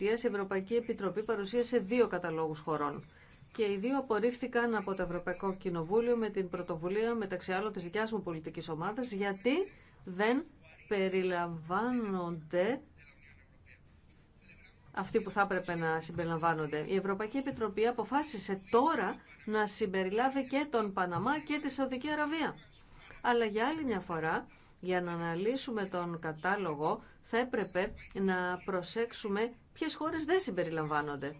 η Ευρωπαϊκή Επιτροπή παρουσίασε δύο καταλόγους χωρών και οι δύο απορρίφθηκαν από το Ευρωπαϊκό Κοινοβούλιο με την πρωτοβουλία μεταξύ άλλων της δικιάς μου πολιτικής ομάδας γιατί δεν περιλαμβάνονται αυτοί που θα έπρεπε να συμπεριλαμβάνονται. Η Ευρωπαϊκή Επιτροπή αποφάσισε τώρα να συμπεριλάβει και τον Παναμά και τη Σαουδική Αραβία. Αλλά για άλλη μια φορά, για να αναλύσουμε τον κατάλογο, θα έπρεπε να προσέξουμε ποιες χώρες δεν συμπεριλαμβάνονται.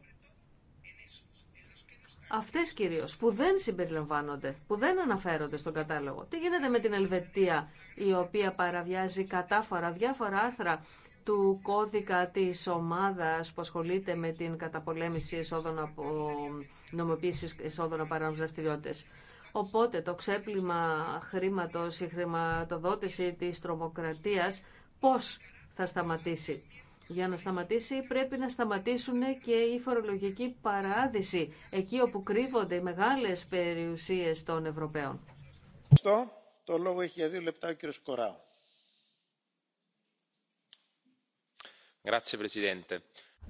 Αυτές κυρίως που δεν συμπεριλαμβάνονται, που δεν αναφέρονται στον κατάλογο. Τι γίνεται με την Ελβετία η οποία παραβιάζει κατάφορα διάφορα άρθρα του κώδικα της ομάδας που ασχολείται με την καταπολέμηση εισόδων από νομοποίηση εισόδων από Οπότε το ξέπλυμα χρήματος, η χρηματοδότηση της τρομοκρατίας, πώς θα σταματήσει. Για να σταματήσει πρέπει να σταματήσουν και η φορολογική παράδειση, εκεί όπου κρύβονται οι μεγάλες περιουσίες των Ευρωπαίων. Ευχαριστώ. Το λόγο έχει για δύο λεπτά ο Κοράου.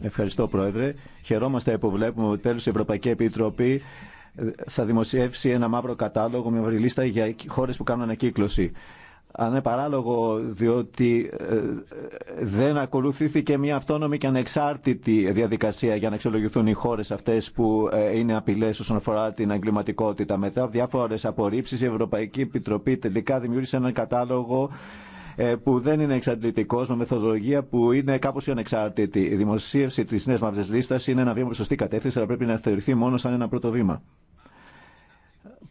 Ευχαριστώ, Πρόεδρε. Χαιρόμαστε που βλέπουμε ότι τέλος η Ευρωπαϊκή Επιτροπή ε, θα δημοσιεύσει ένα μαύρο κατάλογο, μια λίστα για χώρες που κάνουν ανακύκλωση ανεπαράλογο ναι, διότι ε, δεν ακολουθήθηκε μια αυτόνομη και ανεξάρτητη διαδικασία για να εξολογηθούν οι χώρες αυτές που ε, είναι απειλές όσον αφορά την εγκληματικότητα. Μετά από διάφορες απορρίψεις η Ευρωπαϊκή Επιτροπή τελικά δημιούργησε έναν κατάλογο ε, που δεν είναι εξαντλητικό, με μεθοδολογία που είναι κάπω ή ανεξάρτητη. Η δημοσίευση τη νέα μαύρη λίστα είναι ένα βήμα προ σωστή κατεύθυνση, αλλά πρέπει να θεωρηθεί μόνο σαν ένα πρώτο βήμα.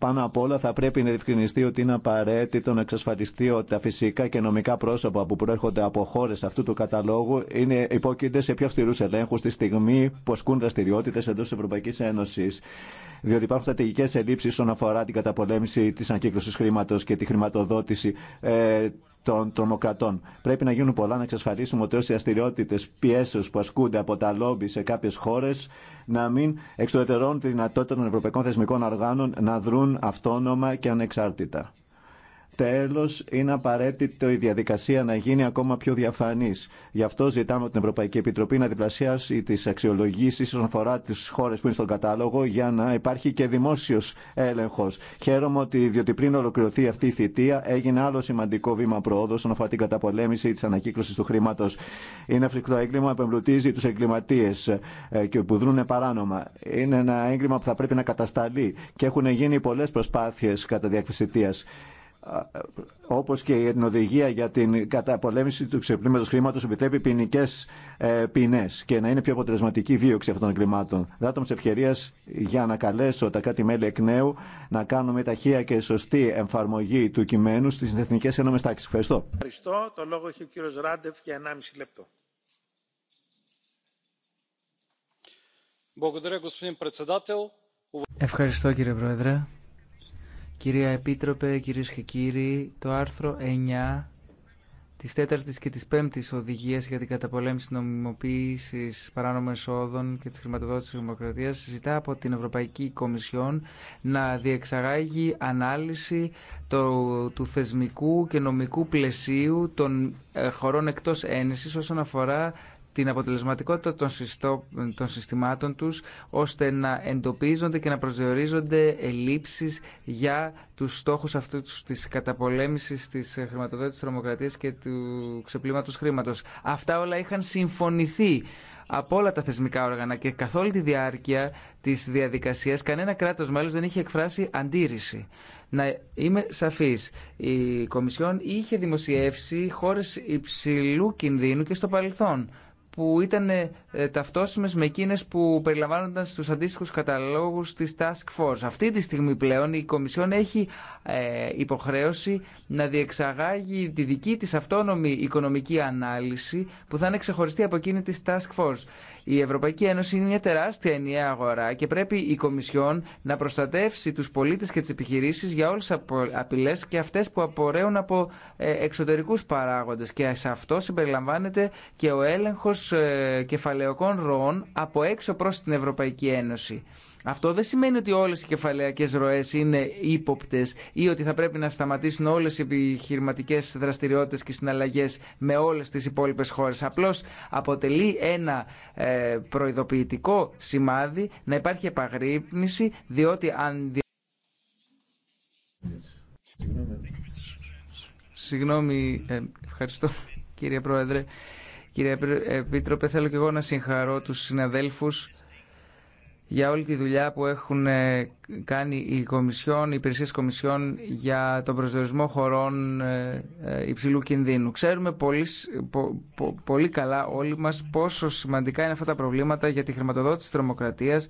Πάνω απ' όλα θα πρέπει να διευκρινιστεί ότι είναι απαραίτητο να εξασφαλιστεί ότι τα φυσικά και νομικά πρόσωπα που προέρχονται από χώρε αυτού του καταλόγου είναι υπόκεινται σε πιο αυστηρού ελέγχου τη στιγμή που ασκούν δραστηριότητε εντό Ευρωπαϊκή Ένωση διότι υπάρχουν στρατηγικέ ελλείψει όσον αφορά την καταπολέμηση τη ανακύκλωση χρήματο και τη χρηματοδότηση ε, των τρομοκρατών. Πρέπει να γίνουν πολλά να εξασφαλίσουμε ότι όσοι δραστηριότητε πιέσεω που ασκούνται από τα λόμπι σε κάποιε χώρε να μην εξωτερώνουν τη δυνατότητα των ευρωπαϊκών θεσμικών οργάνων να δρουν αυτόνομα και ανεξάρτητα. Τέλος, είναι απαραίτητο η διαδικασία να γίνει ακόμα πιο διαφανής. Γι' αυτό ζητάμε την Ευρωπαϊκή Επιτροπή να διπλασιάσει τις αξιολογήσεις όσον αφορά τις χώρες που είναι στον κατάλογο για να υπάρχει και δημόσιος έλεγχος. Χαίρομαι ότι διότι πριν ολοκληρωθεί αυτή η θητεία έγινε άλλο σημαντικό βήμα προόδου όσον αφορά την καταπολέμηση της ανακύκλωσης του χρήματος. Είναι φρικτό έγκλημα που εμπλουτίζει τους εγκληματίες ε, και που δρούν παράνομα. Είναι ένα έγκλημα που θα πρέπει να κατασταλεί και έχουν γίνει πολλές προσπάθειες κατά διάκριση όπως και η οδηγία για την καταπολέμηση του ξεπλήματος χρήματος επιτρέπει ποινικέ ε, ποινές και να είναι πιο αποτελεσματική δίωξη αυτών των εγκλημάτων. Δάτω μας για να καλέσω τα κράτη-μέλη εκ νέου να κάνουμε ταχεία και σωστή εφαρμογή του κειμένου στις εθνικές ενόμες τάξεις. Ευχαριστώ. Ευχαριστώ. Το λόγο έχει ο Ράντεφ για 1,5 λεπτό. Ευχαριστώ κύριε Πρόεδρε. Κυρία Επίτροπε, κύριε και κύριοι, το άρθρο 9 της 4ης και της 5ης οδηγίας για την καταπολέμηση νομιμοποίησης παράνομων εσόδων και της χρηματοδότησης της δημοκρατίας ζητά από την Ευρωπαϊκή Κομισιόν να διεξαγάγει ανάλυση του θεσμικού και νομικού πλαισίου των ε, χωρών εκτός Ένεσης όσον αφορά την αποτελεσματικότητα των, συστό, των συστημάτων τους ώστε να εντοπίζονται και να προσδιορίζονται ελλείψεις για τους στόχους αυτού της καταπολέμησης της χρηματοδότησης της τρομοκρατίας και του ξεπλήματος χρήματος. Αυτά όλα είχαν συμφωνηθεί από όλα τα θεσμικά όργανα και καθ' όλη τη διάρκεια της διαδικασίας κανένα κράτος μέλος δεν είχε εκφράσει αντίρρηση. Να είμαι σαφής, η Κομισιόν είχε δημοσιεύσει χώρες υψηλού κινδύνου και στο παρελθόν που ήταν ε, ταυτόσιμες με εκείνες που περιλαμβάνονταν στους αντίστοιχους καταλόγους της Task Force. Αυτή τη στιγμή πλέον η Κομισιόν έχει ε, υποχρέωση να διεξαγάγει τη δική της αυτόνομη οικονομική ανάλυση που θα είναι ξεχωριστή από εκείνη της Task Force. Η Ευρωπαϊκή Ένωση είναι μια τεράστια ενιαία αγορά και πρέπει η Κομισιόν να προστατεύσει τους πολίτες και τις επιχειρήσει για όλε τις απειλές και αυτές που απορρέουν από ε, εξωτερικούς παράγοντες και σε αυτό συμπεριλαμβάνεται και ο έλεγχο ε, κεφαλαιοκών ροών από έξω προς την Ευρωπαϊκή Ένωση. Αυτό δεν σημαίνει ότι όλες οι κεφαλαιακές ροές είναι ύποπτες ή ότι θα πρέπει να σταματήσουν όλες οι επιχειρηματικέ δραστηριότητες και συναλλαγές με όλες τις υπόλοιπες χώρες. Απλώς αποτελεί ένα ε, προειδοποιητικό σημάδι να υπάρχει επαγρύπνηση διότι αν... Συγγνώμη, ε, ευχαριστώ κύριε Πρόεδρε. Κύριε Επίτροπε, θέλω και εγώ να συγχαρώ τους συναδέλφους για όλη τη δουλειά που έχουν ε, κάνει οι κομισιόν, οι υπηρεσίες κομισιόν για τον προσδιορισμό χωρών ε, ε, υψηλού κινδύνου. Ξέρουμε πολύ, πολύ καλά όλοι μας πόσο σημαντικά είναι αυτά τα προβλήματα για τη χρηματοδότηση της τρομοκρατίας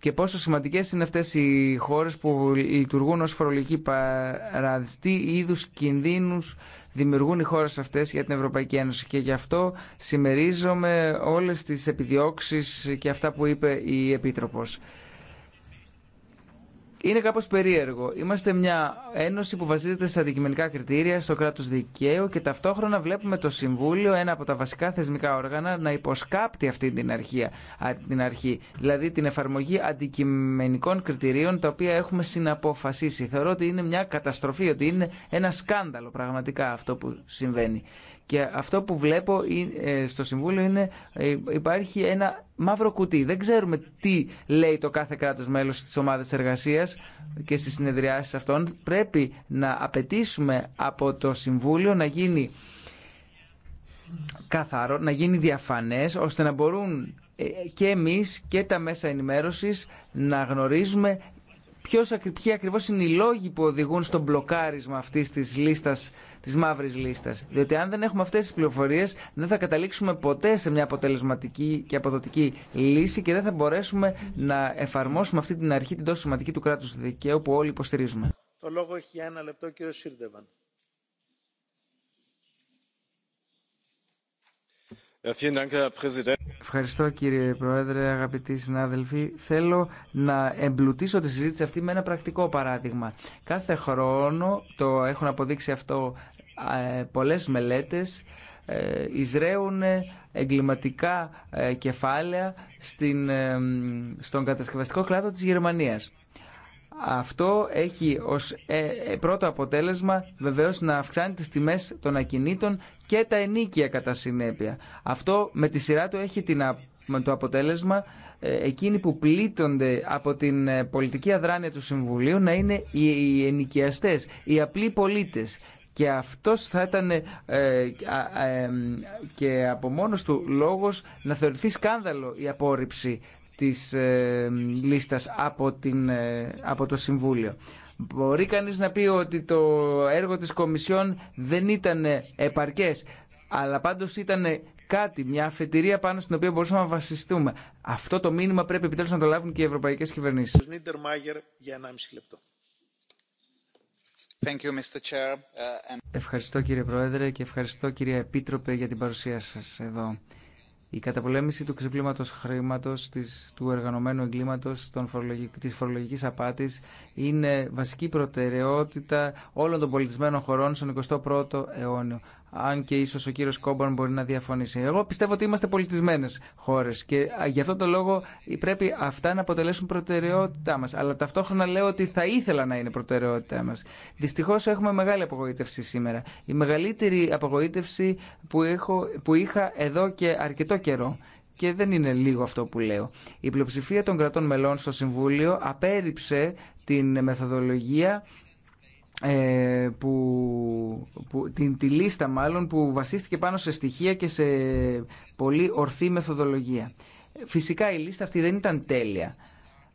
και πόσο σημαντικές είναι αυτές οι χώρες που λειτουργούν ως φορολογική παραδιστή, είδου είδους κινδύνους δημιουργούν οι χώρες αυτές για την Ευρωπαϊκή Ένωση και γι' αυτό συμμερίζομαι όλες τις επιδιώξεις και αυτά που είπε η Επίτροπος είναι κάπως περίεργο. Είμαστε μια ένωση που βασίζεται σε αντικειμενικά κριτήρια, στο κράτος δικαίου και ταυτόχρονα βλέπουμε το Συμβούλιο, ένα από τα βασικά θεσμικά όργανα, να υποσκάπτει αυτή την, την αρχή. Δηλαδή την εφαρμογή αντικειμενικών κριτηρίων τα οποία έχουμε συναποφασίσει. Θεωρώ ότι είναι μια καταστροφή, ότι είναι ένα σκάνδαλο πραγματικά αυτό που συμβαίνει. Και αυτό που βλέπω ε, στο Συμβούλιο είναι ε, υπάρχει ένα μαύρο κουτί. Δεν ξέρουμε τι λέει το κάθε κράτος μέλος της ομάδας εργασίας και στις συνεδριάσεις αυτών. Πρέπει να απαιτήσουμε από το Συμβούλιο να γίνει καθαρό, να γίνει διαφανές, ώστε να μπορούν ε, και εμείς και τα μέσα ενημέρωσης να γνωρίζουμε ποιος, ποιοι ακριβώς είναι οι λόγοι που οδηγούν στο μπλοκάρισμα αυτής τη λίστα, τη μαύρης λίστας. Διότι αν δεν έχουμε αυτές τις πληροφορίε, δεν θα καταλήξουμε ποτέ σε μια αποτελεσματική και αποδοτική λύση και δεν θα μπορέσουμε να εφαρμόσουμε αυτή την αρχή την τόσο σημαντική του κράτους δικαίου που όλοι υποστηρίζουμε. Το λόγο έχει ένα λεπτό ο Σίρντεβαν. Ευχαριστώ κύριε Πρόεδρε, αγαπητοί συνάδελφοι. Θέλω να εμπλουτίσω τη συζήτηση αυτή με ένα πρακτικό παράδειγμα. Κάθε χρόνο, το έχουν αποδείξει αυτό ε, πολλές μελέτες, ε, εισραίουν ε, εγκληματικά κεφάλαια στον κατασκευαστικό κλάδο της Γερμανίας. Αυτό έχει ως ε, ε, πρώτο αποτέλεσμα βεβαίως να αυξάνει τις τιμές των ακινήτων και τα ενίκια κατά συνέπεια. Αυτό με τη σειρά του έχει την, το αποτέλεσμα ε, εκείνοι που πλήττονται από την πολιτική αδράνεια του Συμβουλίου να είναι οι ενοικιαστές, οι απλοί πολίτες. Και αυτός θα ήταν και από μόνος του λόγος να θεωρηθεί σκάνδαλο η απόρριψη της ε, λίστας από, την, ε, από το Συμβούλιο. Μπορεί κανείς να πει ότι το έργο της Κομισιόν δεν ήταν επαρκές, αλλά πάντως ήταν κάτι, μια αφετηρία πάνω στην οποία μπορούσαμε να βασιστούμε. Αυτό το μήνυμα πρέπει επιτέλους να το λάβουν και οι ευρωπαϊκές κυβερνήσεις. Thank you, Mr. Chair. Ε, ευχαριστώ κύριε Πρόεδρε και ευχαριστώ κύριε Επίτροπε για την παρουσία σας εδώ. Η καταπολέμηση του ξεπλήματο χρήματο, του εργανομένου εγκλήματο, τη φορολογική απάτη, απάτης είναι βασική προτεραιότητα όλων των πολιτισμένων χωρών στον 21ο αιώνιο αν και ίσω ο κύριο Κόμπαν μπορεί να διαφωνήσει. Εγώ πιστεύω ότι είμαστε πολιτισμένε χώρε. και γι' αυτόν τον λόγο πρέπει αυτά να αποτελέσουν προτεραιότητά μα. Αλλά ταυτόχρονα λέω ότι θα ήθελα να είναι προτεραιότητά μα. Δυστυχώ έχουμε μεγάλη απογοήτευση σήμερα. Η μεγαλύτερη απογοήτευση που, έχω, που είχα εδώ και αρκετό καιρό και δεν είναι λίγο αυτό που λέω. Η πλειοψηφία των κρατών μελών στο Συμβούλιο απέρριψε την μεθοδολογία ε, που, που, την, τη λίστα μάλλον που βασίστηκε πάνω σε στοιχεία και σε πολύ ορθή μεθοδολογία. Φυσικά η λίστα αυτή δεν ήταν τέλεια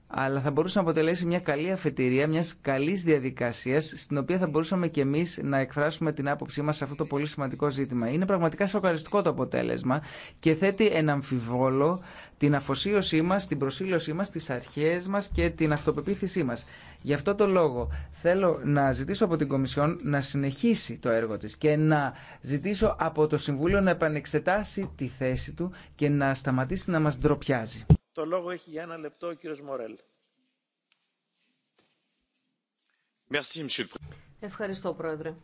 αλλά θα μπορούσε να αποτελέσει μια καλή αφετηρία μια καλή διαδικασία στην οποία θα μπορούσαμε και εμεί να εκφράσουμε την άποψή μα σε αυτό το πολύ σημαντικό ζήτημα. Είναι πραγματικά σοκαριστικό το αποτέλεσμα και θέτει ένα αμφιβόλο την αφοσίωσή μα, την προσήλωσή μα, τι αρχέ μα και την αυτοπεποίθησή μα. Γι' αυτό το λόγο θέλω να ζητήσω από την Κομισιόν να συνεχίσει το έργο τη και να ζητήσω από το Συμβούλιο να επανεξετάσει τη θέση του και να σταματήσει να μα ντροπιάζει. Το λόγο έχει για ένα λεπτό ο κύριος Μορέλ. Ευχαριστώ, Πρόεδρε.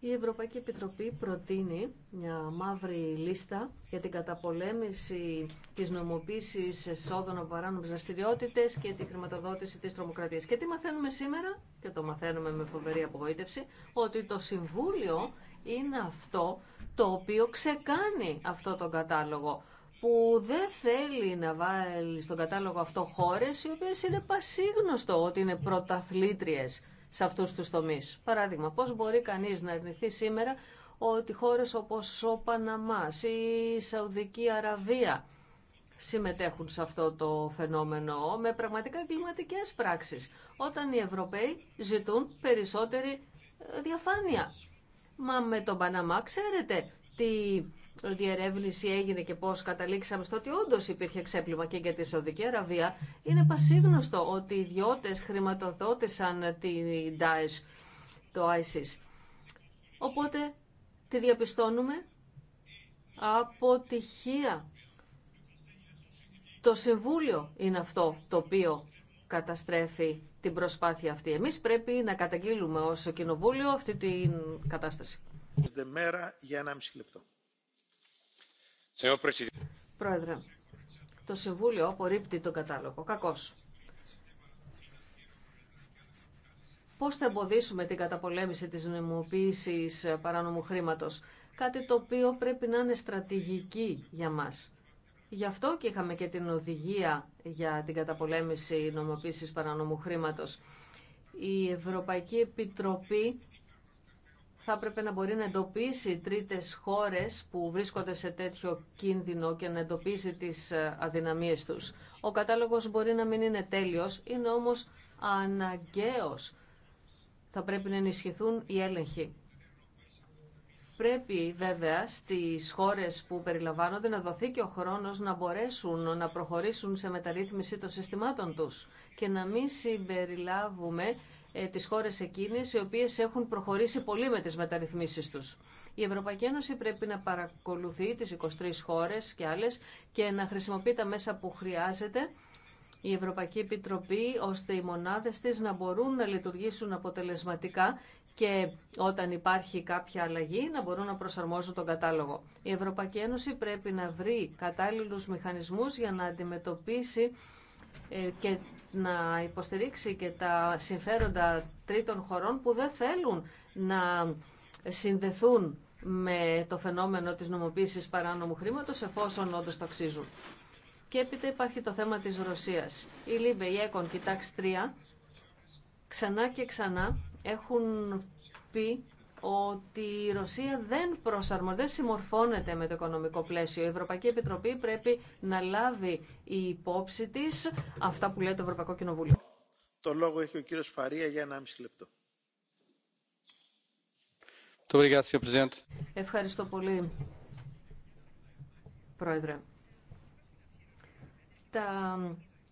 Η Ευρωπαϊκή Επιτροπή προτείνει μια μαύρη λίστα για την καταπολέμηση της νομοποίησης εσόδων από παράνομες δραστηριότητε και τη χρηματοδότηση της τρομοκρατίας. Και τι μαθαίνουμε σήμερα, και το μαθαίνουμε με φοβερή απογοήτευση, ότι το Συμβούλιο είναι αυτό το οποίο ξεκάνει αυτό τον κατάλογο που δεν θέλει να βάλει στον κατάλογο αυτό χώρες οι οποίες είναι πασίγνωστο ότι είναι πρωταθλήτριες σε αυτού του τομεί. Παράδειγμα, πώς μπορεί κανείς να αρνηθεί σήμερα ότι χώρες όπως ο Παναμά, η Σαουδική Αραβία συμμετέχουν σε αυτό το φαινόμενο με πραγματικά κλιματικέ πράξεις, όταν οι Ευρωπαίοι ζητούν περισσότερη ε, διαφάνεια. Μα με τον Παναμά ξέρετε τι η διερεύνηση έγινε και πώ καταλήξαμε στο ότι όντω υπήρχε ξέπλυμα και για τη Σαουδική Αραβία, είναι πασίγνωστο ότι οι ιδιώτε χρηματοδότησαν την Daesh, το ISIS. Οπότε τη διαπιστώνουμε αποτυχία. Το Συμβούλιο είναι αυτό το οποίο καταστρέφει την προσπάθεια αυτή. Εμείς πρέπει να καταγγείλουμε ως Κοινοβούλιο αυτή την κατάσταση. Μέρα για ένα λεπτό. Πρόεδρε, το Συμβούλιο απορρίπτει τον κατάλογο. Κακός. Πώς θα εμποδίσουμε την καταπολέμηση της νομιμοποίησης παράνομου χρήματος. Κάτι το οποίο πρέπει να είναι στρατηγική για μας. Γι' αυτό και είχαμε και την οδηγία για την καταπολέμηση νομοποίησης παρανομού χρήματος. Η Ευρωπαϊκή Επιτροπή θα έπρεπε να μπορεί να εντοπίσει τρίτες χώρες που βρίσκονται σε τέτοιο κίνδυνο και να εντοπίσει τις ε, αδυναμίες τους. Ο κατάλογος μπορεί να μην είναι τέλειος, είναι όμως αναγκαίος. Θα πρέπει να ενισχυθούν οι έλεγχοι. Πρέπει βέβαια στις χώρες που περιλαμβάνονται να δοθεί και ο χρόνος να μπορέσουν να προχωρήσουν σε μεταρρύθμιση των συστημάτων τους και να μην συμπεριλάβουμε ε, τις χώρες εκείνες οι οποίες έχουν προχωρήσει πολύ με τις μεταρρυθμίσεις τους. Η Ευρωπαϊκή Ένωση πρέπει να παρακολουθεί τις 23 χώρες και άλλες και να χρησιμοποιεί τα μέσα που χρειάζεται η Ευρωπαϊκή Επιτροπή ώστε οι μονάδες της να μπορούν να λειτουργήσουν αποτελεσματικά και όταν υπάρχει κάποια αλλαγή να μπορούν να προσαρμόζουν τον κατάλογο. Η Ευρωπαϊκή Ένωση πρέπει να βρει κατάλληλους μηχανισμούς για να αντιμετωπίσει ε, και να υποστηρίξει και τα συμφέροντα τρίτων χωρών που δεν θέλουν να συνδεθούν με το φαινόμενο της νομοποίησης παράνομου χρήματος εφόσον όντω το αξίζουν. Και έπειτα υπάρχει το θέμα της Ρωσίας. Η Λίμπε, η Έκον και η Τάξη 3 ξανά και ξανά έχουν πει ότι η Ρωσία δεν προσαρμοζεται, δεν συμμορφώνεται με το οικονομικό πλαίσιο. Η Ευρωπαϊκή Επιτροπή πρέπει να λάβει η υπόψη της αυτά που λέει το Ευρωπαϊκό Κοινοβούλιο. Το λόγο έχει ο κύριος Φαρία για 1,5 λεπτό. Ευχαριστώ πολύ, Πρόεδρε. Τα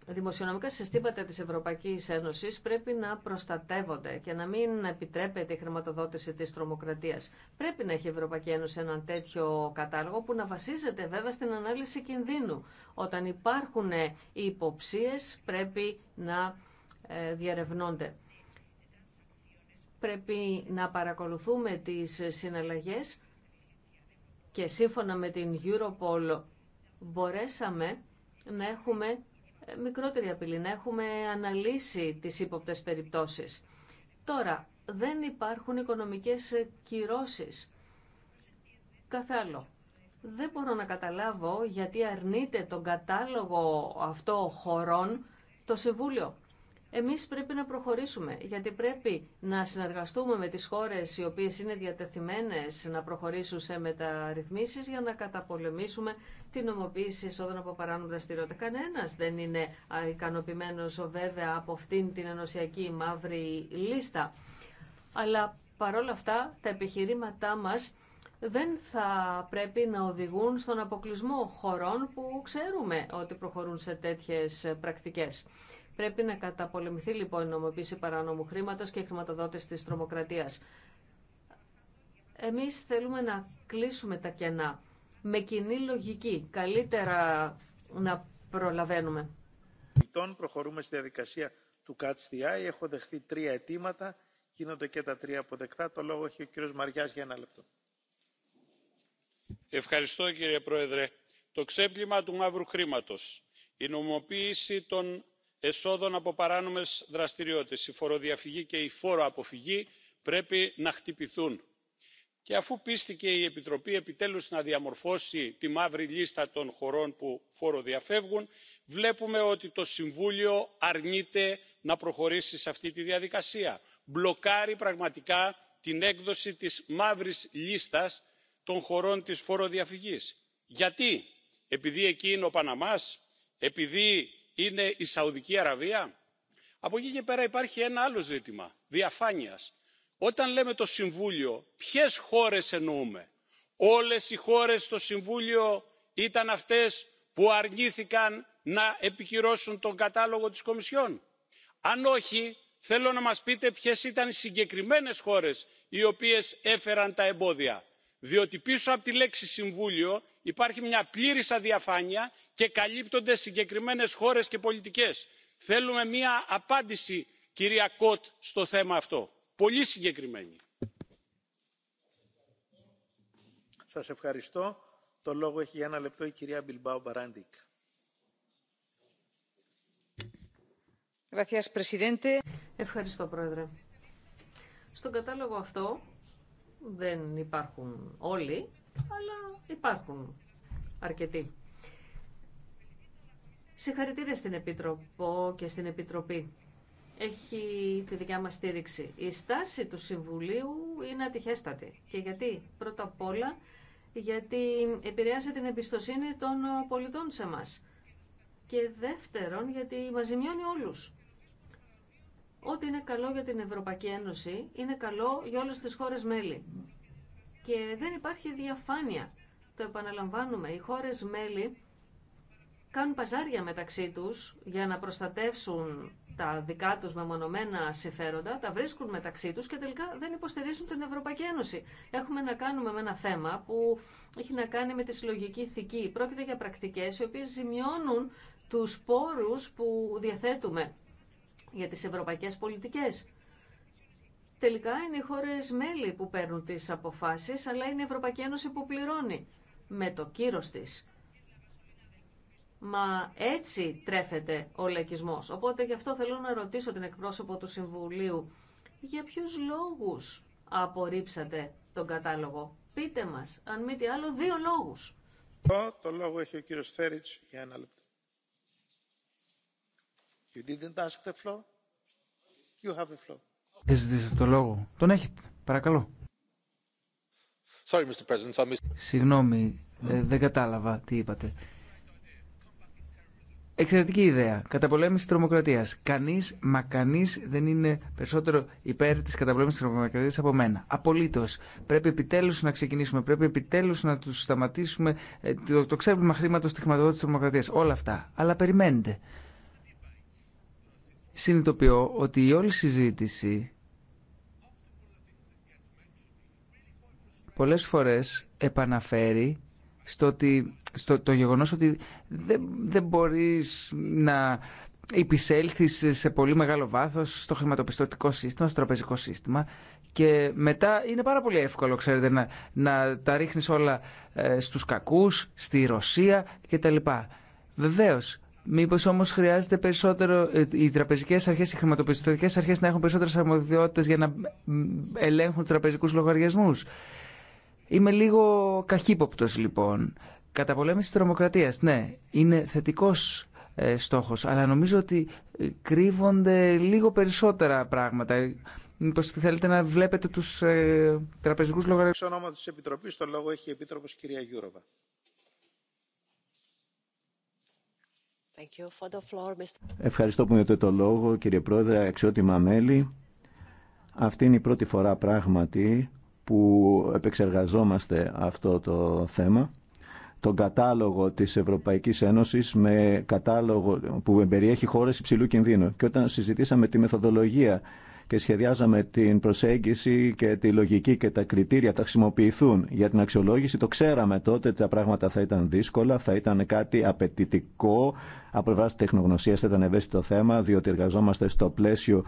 δημοσιονομικά συστήματα της Ευρωπαϊκής Ένωσης πρέπει να προστατεύονται και να μην επιτρέπεται η χρηματοδότηση της τρομοκρατίας. Πρέπει να έχει η Ευρωπαϊκή Ένωση έναν τέτοιο κατάλογο που να βασίζεται βέβαια στην ανάλυση κινδύνου. Όταν υπάρχουν υποψίες πρέπει να ε, διαρευνώνται. Πρέπει να παρακολουθούμε τις συναλλαγές και σύμφωνα με την Europol μπορέσαμε να έχουμε μικρότερη απειλή, να έχουμε αναλύσει τις ύποπτες περιπτώσεις. Τώρα, δεν υπάρχουν οικονομικές κυρώσεις. Καθ' άλλο. Δεν μπορώ να καταλάβω γιατί αρνείται τον κατάλογο αυτό χωρών το Συμβούλιο. Εμείς πρέπει να προχωρήσουμε, γιατί πρέπει να συνεργαστούμε με τις χώρες οι οποίες είναι διατεθειμένες να προχωρήσουν σε μεταρρυθμίσεις για να καταπολεμήσουμε την νομοποίηση εισόδων από παράνομη δραστηριότητα. Κανένας δεν είναι ικανοποιημένο βέβαια από αυτήν την ενωσιακή μαύρη λίστα. Αλλά παρόλα αυτά τα επιχειρήματά μας δεν θα πρέπει να οδηγούν στον αποκλεισμό χωρών που ξέρουμε ότι προχωρούν σε τέτοιες πρακτικές. Πρέπει να καταπολεμηθεί λοιπόν η νομοποίηση παράνομου χρήματος και η χρηματοδότηση της τρομοκρατίας. Εμείς θέλουμε να κλείσουμε τα κενά με κοινή λογική. Καλύτερα να προλαβαίνουμε. Προχωρούμε στη διαδικασία του ΚΑΤΣΤΙΑΙ. Έχω δεχθεί τρία αιτήματα. Γίνονται και τα τρία αποδεκτά. Το λόγο έχει ο κύριος Μαριάς για ένα λεπτό. Ευχαριστώ κύριε Πρόεδρε. Το ξέπλυμα του μαύρου χρήματος, η νομοποίηση των εσόδων από παράνομες δραστηριότητες η φοροδιαφυγή και η φοροαποφυγή πρέπει να χτυπηθούν. και αφού πίστηκε η επιτροπή επιτέλους να διαμορφώσει τη μαύρη λίστα των χωρών που φοροδιαφεύγουν βλέπουμε ότι το συμβούλιο αρνείται να προχωρήσει σε αυτή τη διαδικασία μπλοκάρει πραγματικά την έκδοση της μαύρης λίστας των χωρών της φοροδιαφυγής. γιατί; επειδή εκεί είναι ο παναμάς; επειδή είναι η σαουδική αραβία. από εκεί και πέρα υπάρχει ένα άλλο ζήτημα διαφάνειας. όταν λέμε το συμβούλιο ποιες χώρες εννοούμε; όλες οι χώρες στο συμβούλιο ήταν αυτές που αρνήθηκαν να επικυρώσουν τον κατάλογο της κομισιόν; αν όχι θέλω να μας πείτε ποιες ήταν οι συγκεκριμένες χώρες οι οποίες έφεραν τα εμπόδια διότι πίσω από τη λέξη συμβούλιο υπάρχει μια πλήρης αδιαφάνεια και καλύπτονται συγκεκριμένες χώρες και πολιτικές. θέλουμε μια απάντηση κυρία κοτ στο θέμα αυτό πολύ συγκεκριμένη. Σας ευχαριστώ. Το λόγο έχει για ένα λεπτό η κυρία Μπιλμπάου Μπαράντικ. Ευχαριστώ, Πρόεδρε. Στον κατάλογο αυτό δεν υπάρχουν όλοι, αλλά υπάρχουν αρκετοί. Συγχαρητήρια στην Επίτροπο και στην Επιτροπή. Έχει τη δικιά μας στήριξη. Η στάση του Συμβουλίου είναι ατυχέστατη. Και γιατί, πρώτα απ' όλα, γιατί επηρεάζει την εμπιστοσύνη των πολιτών σε μας. Και δεύτερον, γιατί μας ζημιώνει όλους. Ό,τι είναι καλό για την Ευρωπαϊκή Ένωση, είναι καλό για όλες τις χώρες μέλη και δεν υπάρχει διαφάνεια. Το επαναλαμβάνουμε, οι χώρες μέλη κάνουν παζάρια μεταξύ τους για να προστατεύσουν τα δικά τους μεμονωμένα συμφέροντα, τα βρίσκουν μεταξύ τους και τελικά δεν υποστηρίζουν την Ευρωπαϊκή Ένωση. Έχουμε να κάνουμε με ένα θέμα που έχει να κάνει με τη συλλογική θική. Πρόκειται για πρακτικές οι οποίες ζημιώνουν τους πόρους που διαθέτουμε για τις ευρωπαϊκές πολιτικές. Τελικά είναι οι χώρες μέλη που παίρνουν τις αποφάσεις, αλλά είναι η Ευρωπαϊκή Ένωση που πληρώνει με το κύρος της. Μα έτσι τρέφεται ο λαϊκισμός. Οπότε γι' αυτό θέλω να ρωτήσω την εκπρόσωπο του Συμβουλίου για ποιους λόγους απορρίψατε τον κατάλογο. Πείτε μας, αν μη τι άλλο, δύο λόγους. Το λόγο έχει ο κύριος Θέριτς για ένα λεπτό. You didn't ask the floor. You have the floor. Δεν ζητήσατε το λόγο. Τον έχετε. Παρακαλώ. Sorry, Mr. President, Συγγνώμη, ε, δεν κατάλαβα τι είπατε. Εξαιρετική ιδέα. Καταπολέμηση τρομοκρατία. Κανεί, μα κανεί δεν είναι περισσότερο υπέρ τη καταπολέμηση τρομοκρατία από μένα. Απολύτω. Πρέπει επιτέλου να ξεκινήσουμε. Πρέπει επιτέλου να του σταματήσουμε ε, το, το ξέπλυμα χρήματο στη χρηματοδότηση τη τρομοκρατία. Όλα αυτά. Αλλά περιμένετε. Συνειδητοποιώ ότι η όλη συζήτηση πολλές φορές επαναφέρει στο, ότι, στο το γεγονός ότι δεν, δεν μπορείς να υπησέλθεις σε πολύ μεγάλο βάθος στο χρηματοπιστωτικό σύστημα, στο τραπεζικό σύστημα και μετά είναι πάρα πολύ εύκολο, ξέρετε, να, να τα ρίχνεις όλα ε, στους κακούς, στη Ρωσία κτλ. Βεβαίως, Μήπω όμω χρειάζεται περισσότερο ε, οι τραπεζικέ αρχέ, οι χρηματοπιστωτικέ αρχέ να έχουν περισσότερε αρμοδιότητε για να ελέγχουν τραπεζικού λογαριασμού. Είμαι λίγο καχύποπτο λοιπόν. Καταπολέμηση τρομοκρατία, ναι, είναι θετικός ε, στόχος, αλλά νομίζω ότι ε, κρύβονται λίγο περισσότερα πράγματα. Μήπω θέλετε να βλέπετε τους ε, τραπεζικούς λογαριασμούς. Στο όνομα τη Επιτροπής, το λόγο έχει η Επίτροπος κυρία Γιούροβα. Ευχαριστώ που με το λόγο, κύριε Πρόεδρε, αξιότιμα μέλη. Αυτή είναι η πρώτη φορά πράγματι που επεξεργαζόμαστε αυτό το θέμα τον κατάλογο της Ευρωπαϊκής Ένωσης με κατάλογο που περιέχει χώρες υψηλού κινδύνου. Και όταν συζητήσαμε τη μεθοδολογία και σχεδιάζαμε την προσέγγιση και τη λογική και τα κριτήρια θα χρησιμοποιηθούν για την αξιολόγηση. Το ξέραμε τότε ότι τα πράγματα θα ήταν δύσκολα, θα ήταν κάτι απαιτητικό. Από πλευρά τεχνογνωσία θα ήταν ευαίσθητο θέμα, διότι εργαζόμαστε στο πλαίσιο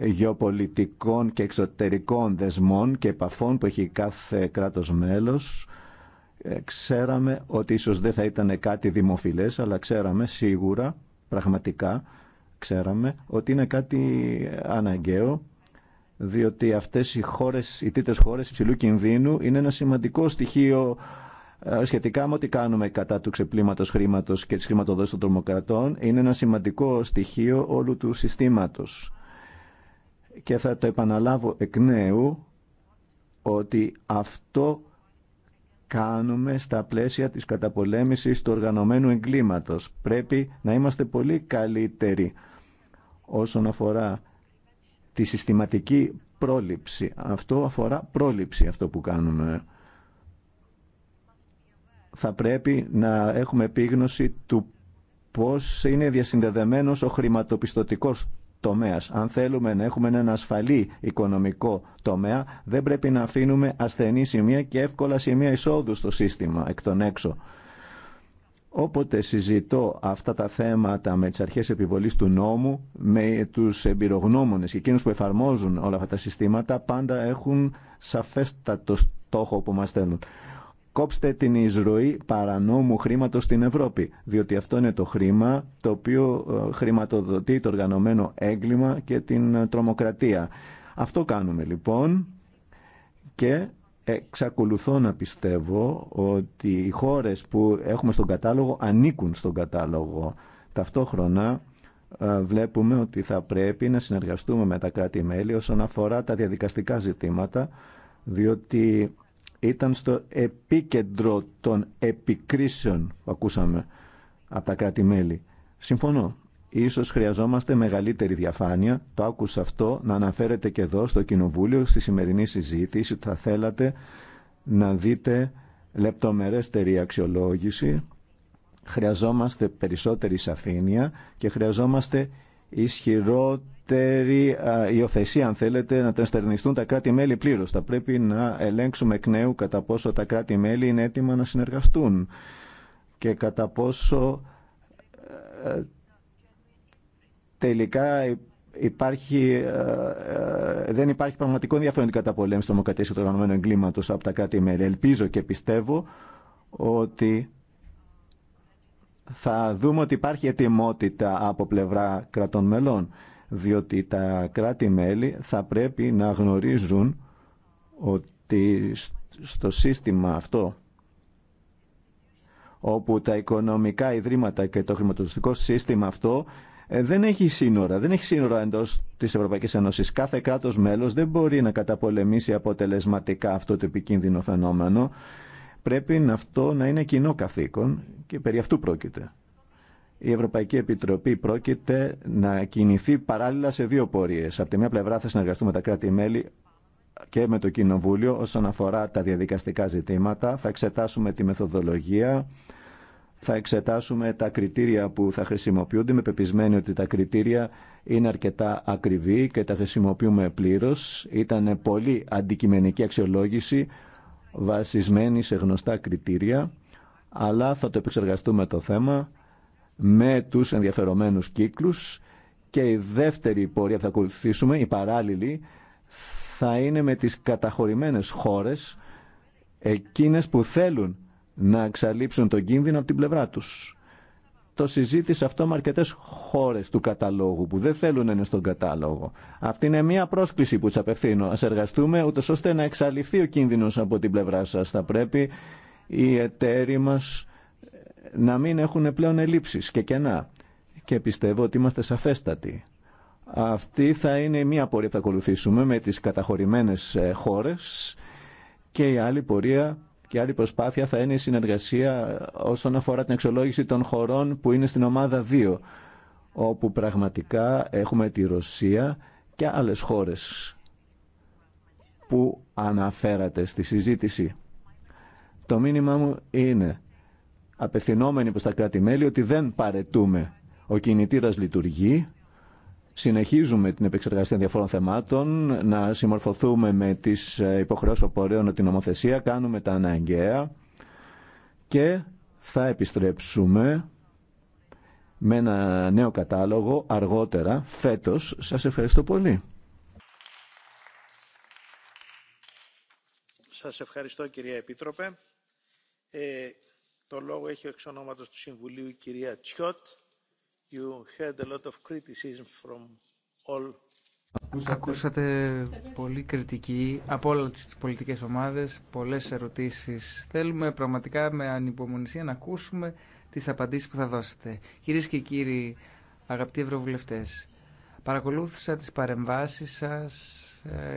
γεωπολιτικών και εξωτερικών δεσμών και επαφών που έχει κάθε κράτος μέλος. Ε, ξέραμε ότι ίσως δεν θα ήταν κάτι δημοφιλές, αλλά ξέραμε σίγουρα, πραγματικά, ξέραμε ότι είναι κάτι αναγκαίο, διότι αυτές οι χώρες, οι τρίτες χώρες υψηλού κινδύνου είναι ένα σημαντικό στοιχείο ε, σχετικά με ό,τι κάνουμε κατά του ξεπλήματος χρήματο και της χρηματοδότησης των τρομοκρατών, είναι ένα σημαντικό στοιχείο όλου του συστήματος και θα το επαναλάβω εκ νέου ότι αυτό κάνουμε στα πλαίσια της καταπολέμησης του οργανωμένου εγκλήματος. Πρέπει να είμαστε πολύ καλύτεροι όσον αφορά τη συστηματική πρόληψη. Αυτό αφορά πρόληψη αυτό που κάνουμε. Θα πρέπει να έχουμε επίγνωση του πώς είναι διασυνδεδεμένος ο χρηματοπιστωτικός τομέας. Αν θέλουμε να έχουμε έναν ασφαλή οικονομικό τομέα, δεν πρέπει να αφήνουμε ασθενή σημεία και εύκολα σημεία εισόδου στο σύστημα εκ των έξω. Όποτε συζητώ αυτά τα θέματα με τις αρχές επιβολής του νόμου, με τους εμπειρογνώμονες και εκείνους που εφαρμόζουν όλα αυτά τα συστήματα, πάντα έχουν σαφέστατο στόχο που μας θέλουν κόψτε την εισρωή παρανόμου χρήματος στην Ευρώπη, διότι αυτό είναι το χρήμα το οποίο ε, χρηματοδοτεί το οργανωμένο έγκλημα και την ε, τρομοκρατία. Αυτό κάνουμε λοιπόν και εξακολουθώ να πιστεύω ότι οι χώρες που έχουμε στον κατάλογο ανήκουν στον κατάλογο. Ταυτόχρονα ε, βλέπουμε ότι θα πρέπει να συνεργαστούμε με τα κράτη-μέλη όσον αφορά τα διαδικαστικά ζητήματα, διότι ήταν στο επίκεντρο των επικρίσεων που ακούσαμε από τα κράτη-μέλη. Συμφωνώ. Ίσως χρειαζόμαστε μεγαλύτερη διαφάνεια. Το άκουσα αυτό να αναφέρεται και εδώ στο Κοινοβούλιο στη σημερινή συζήτηση ότι θα θέλατε να δείτε λεπτομερέστερη αξιολόγηση. Χρειαζόμαστε περισσότερη σαφήνεια και χρειαζόμαστε ισχυρό καλύτερη υιοθεσία, αν θέλετε, να τα εστερνιστούν τα κράτη-μέλη πλήρω. Θα πρέπει να ελέγξουμε εκ νέου κατά πόσο τα κράτη-μέλη είναι έτοιμα να συνεργαστούν και κατά πόσο ε, τελικά υπάρχει, ε, ε, δεν υπάρχει πραγματικό ενδιαφέρον την καταπολέμηση των και των οργανωμένου εγκλήματο από τα κράτη-μέλη. Ελπίζω και πιστεύω ότι θα δούμε ότι υπάρχει ετοιμότητα από πλευρά κρατών μελών διότι τα κράτη-μέλη θα πρέπει να γνωρίζουν ότι στο σύστημα αυτό όπου τα οικονομικά ιδρύματα και το χρηματοδοτικό σύστημα αυτό ε, δεν έχει σύνορα. Δεν έχει σύνορα εντό τη Ευρωπαϊκή Ένωση. Κάθε κράτο μέλο δεν μπορεί να καταπολεμήσει αποτελεσματικά αυτό το επικίνδυνο φαινόμενο. Πρέπει αυτό να είναι κοινό καθήκον και περί αυτού πρόκειται η Ευρωπαϊκή Επιτροπή πρόκειται να κινηθεί παράλληλα σε δύο πορείε. Από τη μία πλευρά θα συνεργαστούμε τα κράτη-μέλη και με το Κοινοβούλιο όσον αφορά τα διαδικαστικά ζητήματα. Θα εξετάσουμε τη μεθοδολογία, θα εξετάσουμε τα κριτήρια που θα χρησιμοποιούνται με πεπισμένη ότι τα κριτήρια είναι αρκετά ακριβή και τα χρησιμοποιούμε πλήρω. Ήταν πολύ αντικειμενική αξιολόγηση βασισμένη σε γνωστά κριτήρια αλλά θα το επεξεργαστούμε το θέμα με τους ενδιαφερομένους κύκλους και η δεύτερη πορεία που θα ακολουθήσουμε, η παράλληλη, θα είναι με τις καταχωρημένες χώρες, εκείνες που θέλουν να εξαλείψουν τον κίνδυνο από την πλευρά τους. Το συζήτησα αυτό με αρκετέ χώρε του καταλόγου που δεν θέλουν να είναι στον κατάλογο. Αυτή είναι μια πρόσκληση που του απευθύνω. Α εργαστούμε ούτω ώστε να εξαλειφθεί ο κίνδυνο από την πλευρά σα. Θα πρέπει οι εταίροι μας να μην έχουν πλέον ελλείψεις και κενά. Και πιστεύω ότι είμαστε σαφέστατοι. Αυτή θα είναι μία πορεία που θα ακολουθήσουμε με τις καταχωρημένες ε, χώρες και η άλλη πορεία και άλλη προσπάθεια θα είναι η συνεργασία ε, όσον αφορά την αξιολόγηση των χωρών που είναι στην ομάδα 2 όπου πραγματικά έχουμε τη Ρωσία και άλλες χώρες που αναφέρατε στη συζήτηση. Το μήνυμά μου είναι απευθυνόμενοι προς τα κράτη-μέλη ότι δεν παρετούμε. Ο κινητήρας λειτουργεί, συνεχίζουμε την επεξεργασία διαφόρων θεμάτων, να συμμορφωθούμε με τις ε, υποχρεώσεις που από την νομοθεσία, κάνουμε τα αναγκαία και θα επιστρέψουμε με ένα νέο κατάλογο αργότερα, φέτος. Σας ευχαριστώ πολύ. Σας ευχαριστώ κυρία Επίτροπε. Ε, το λόγο έχει εξ ονόματος του Συμβουλίου η κυρία Τσιότ. You heard a lot of criticism from all. Ακούσατε πολύ κριτική από όλες τις πολιτικές ομάδες, πολλές ερωτήσεις. Θέλουμε πραγματικά με ανυπομονησία να ακούσουμε τις απαντήσεις που θα δώσετε. Κυρίες και κύριοι, αγαπητοί ευρωβουλευτές, Παρακολούθησα τις παρεμβάσεις σας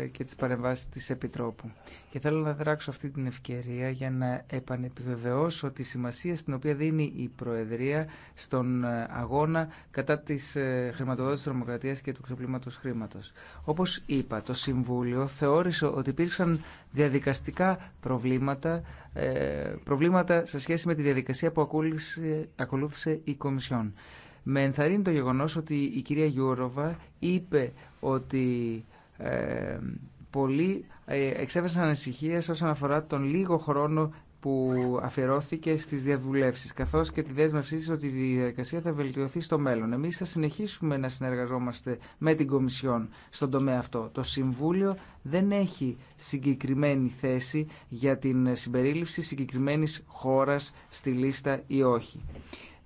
ε, και τις παρεμβάσεις της Επιτρόπου. Και θέλω να δράξω αυτή την ευκαιρία για να επανεπιβεβαιώσω τη σημασία στην οποία δίνει η Προεδρία στον ε, αγώνα κατά της ε, χρηματοδότησης της δημοκρατίας και του ξεπλήματος χρήματος. Όπως είπα, το Συμβούλιο θεώρησε ότι υπήρξαν διαδικαστικά προβλήματα, προβλήματα σε σχέση με τη διαδικασία που ακολούθησε η Κομισιόν. Με ενθαρρύνει το γεγονός ότι η κυρία Γιούροβα είπε ότι ε, πολλοί ε, εξέφρασαν ανησυχίε όσον αφορά τον λίγο χρόνο που αφιερώθηκε στις διαβουλεύσεις καθώς και τη δέσμευσή της ότι η διαδικασία θα βελτιωθεί στο μέλλον. Εμείς θα συνεχίσουμε να συνεργαζόμαστε με την Κομισιόν στον τομέα αυτό. Το Συμβούλιο δεν έχει συγκεκριμένη θέση για την συμπερίληψη συγκεκριμένη χώρα στη λίστα ή όχι.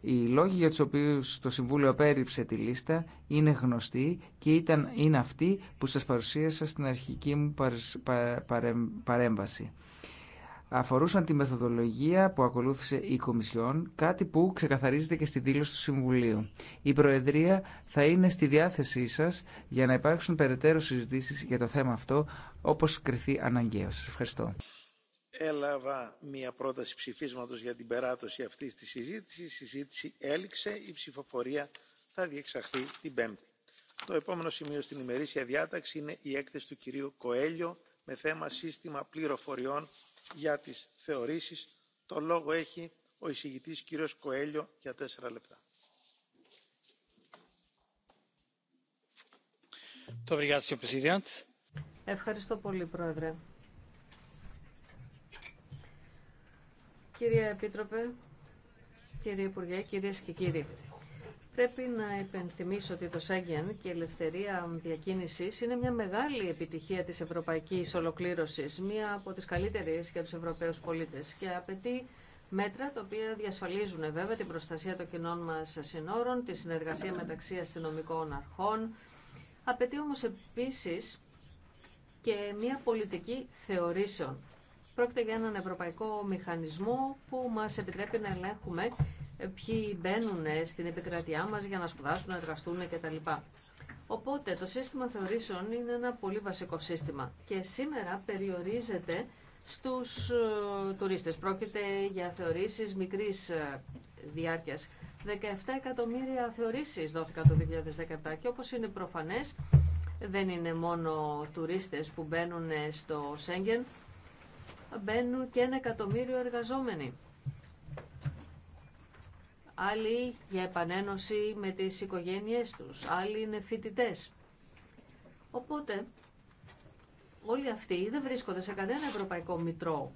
Οι λόγοι για τους οποίους το Συμβούλιο απέρριψε τη λίστα είναι γνωστοί και ήταν, είναι αυτοί που σας παρουσίασα στην αρχική μου παρέμβαση. Αφορούσαν τη μεθοδολογία που ακολούθησε η Κομισιόν, κάτι που ξεκαθαρίζεται και στη δήλωση του Συμβουλίου. Η Προεδρία θα είναι στη διάθεσή σας για να υπάρξουν περαιτέρω συζητήσεις για το θέμα αυτό, όπως κριθεί αναγκαίο. Σας ευχαριστώ έλαβα μία πρόταση ψηφίσματος για την περάτωση αυτής της συζήτησης. Η συζήτηση έληξε. Η ψηφοφορία θα διεξαχθεί την Πέμπτη. Το επόμενο σημείο στην ημερήσια διάταξη είναι η έκθεση του κυρίου Κοέλιο με θέμα σύστημα πληροφοριών για τις θεωρήσεις. Το λόγο έχει ο εισηγητής κύριος Κοέλιο για τέσσερα λεπτά. Ευχαριστώ πολύ, Πρόεδρε. Κύριε Επίτροπε, κύριε Υπουργέ, κυρίες και κύριοι. Πρέπει να υπενθυμίσω ότι το Σέγγεν και η ελευθερία διακίνηση είναι μια μεγάλη επιτυχία τη ευρωπαϊκή ολοκλήρωση, μία από τι καλύτερε για του Ευρωπαίου πολίτε και απαιτεί μέτρα τα οποία διασφαλίζουν βέβαια την προστασία των κοινών μα συνόρων, τη συνεργασία μεταξύ αστυνομικών αρχών. Απαιτεί όμω επίση και μια πολιτική θεωρήσεων Πρόκειται για έναν ευρωπαϊκό μηχανισμό που μας επιτρέπει να ελέγχουμε ποιοι μπαίνουν στην επικρατειά μας για να σπουδάσουν, να εργαστούν κτλ. Οπότε το σύστημα θεωρήσεων είναι ένα πολύ βασικό σύστημα και σήμερα περιορίζεται στους ε, τουρίστες. Πρόκειται για θεωρήσεις μικρής ε, διάρκειας. 17 εκατομμύρια θεωρήσεις δόθηκαν το 2017 και όπως είναι προφανές δεν είναι μόνο τουρίστες που μπαίνουν στο Σέγγεν, μπαίνουν και ένα εκατομμύριο εργαζόμενοι. Άλλοι για επανένωση με τις οικογένειές τους, άλλοι είναι φοιτητέ. Οπότε όλοι αυτοί δεν βρίσκονται σε κανένα ευρωπαϊκό μητρό.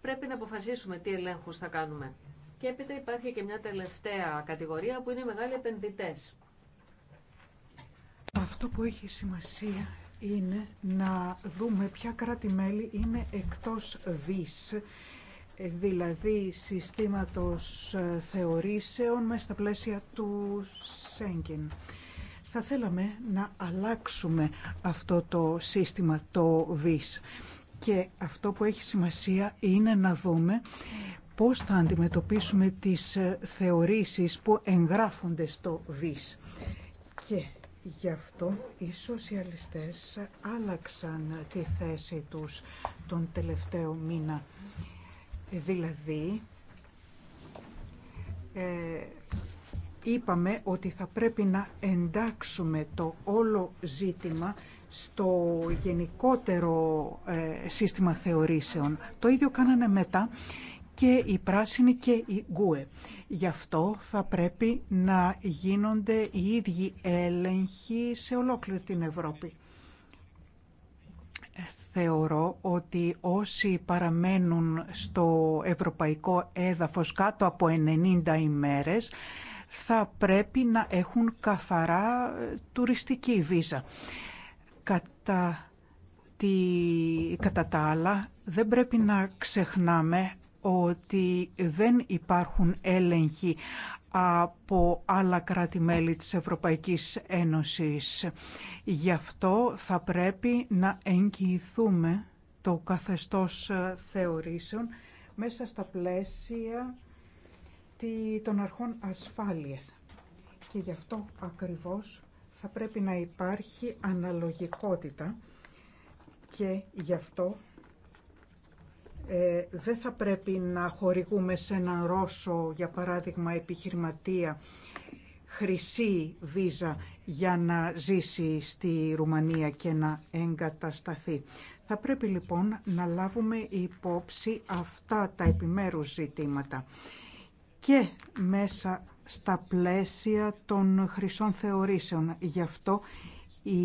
Πρέπει να αποφασίσουμε τι ελέγχους θα κάνουμε. Και έπειτα υπάρχει και μια τελευταία κατηγορία που είναι οι μεγάλοι επενδυτές. Αυτό που έχει σημασία είναι να δούμε ποια κράτη-μέλη είναι εκτός ΒΙΣ, δηλαδή συστήματος ε, θεωρήσεων μέσα στα πλαίσια του ΣΕΝΚΙΝ. Θα θέλαμε να αλλάξουμε αυτό το σύστημα, το ΒΙΣ. Και αυτό που έχει σημασία είναι να δούμε πώς θα αντιμετωπίσουμε τις ε, θεωρήσεις που εγγράφονται στο ΒΙΣ. Και Γι' αυτό οι σοσιαλιστές άλλαξαν τη θέση τους τον τελευταίο μήνα. Δηλαδή, ε, είπαμε ότι θα πρέπει να εντάξουμε το όλο ζήτημα στο γενικότερο ε, σύστημα θεωρήσεων. Το ίδιο κάνανε μετά και η πράσινη και η γκουε. Γι' αυτό θα πρέπει να γίνονται οι ίδιοι έλεγχοι σε ολόκληρη την Ευρώπη. Θεωρώ ότι όσοι παραμένουν στο ευρωπαϊκό έδαφος κάτω από 90 ημέρες θα πρέπει να έχουν καθαρά ε, τουριστική βίζα. Κατά, τη... κατά τα άλλα δεν πρέπει να ξεχνάμε ότι δεν υπάρχουν έλεγχοι από άλλα κράτη-μέλη της Ευρωπαϊκής Ένωσης. Γι' αυτό θα πρέπει να εγγυηθούμε το καθεστώς ε, θεωρήσεων μέσα στα πλαίσια των αρχών ασφάλειας. Και γι' αυτό ακριβώς θα πρέπει να υπάρχει αναλογικότητα και γι' αυτό ε, δεν θα πρέπει να χορηγούμε σε έναν Ρώσο, για παράδειγμα, επιχειρηματία χρυσή βίζα για να ζήσει στη Ρουμανία και να εγκατασταθεί. Θα πρέπει λοιπόν να λάβουμε υπόψη αυτά τα επιμέρους ζητήματα και μέσα στα πλαίσια των χρυσών θεωρήσεων. Γι' αυτό η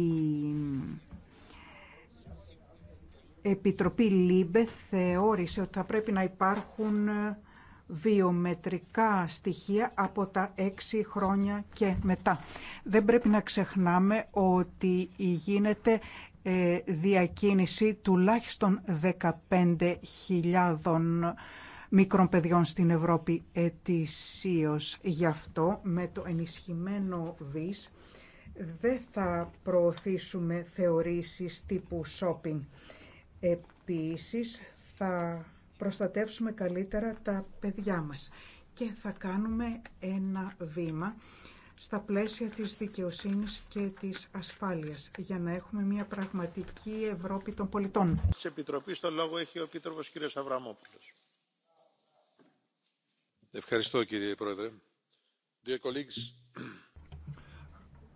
Επιτροπή ΛΥΜΠΕ θεώρησε ότι θα πρέπει να υπάρχουν ε, βιομετρικά στοιχεία από τα έξι χρόνια και μετά. Δεν πρέπει να ξεχνάμε ότι γίνεται ε, διακίνηση τουλάχιστον 15.000 ε, μικρών παιδιών στην Ευρώπη ετησίως. Γι' αυτό με το ενισχυμένο ΒΙΣ δεν θα προωθήσουμε θεωρήσεις τύπου shopping Επίσης θα προστατεύσουμε καλύτερα τα παιδιά μας και θα κάνουμε ένα βήμα στα πλαίσια της δικαιοσύνης και της ασφάλειας για να έχουμε μια πραγματική Ευρώπη των πολιτών. Σε Επιτροπής στο λόγο έχει ο Επίτροπος κ. Αβραμόπουλος. Ευχαριστώ κύριε Πρόεδρε.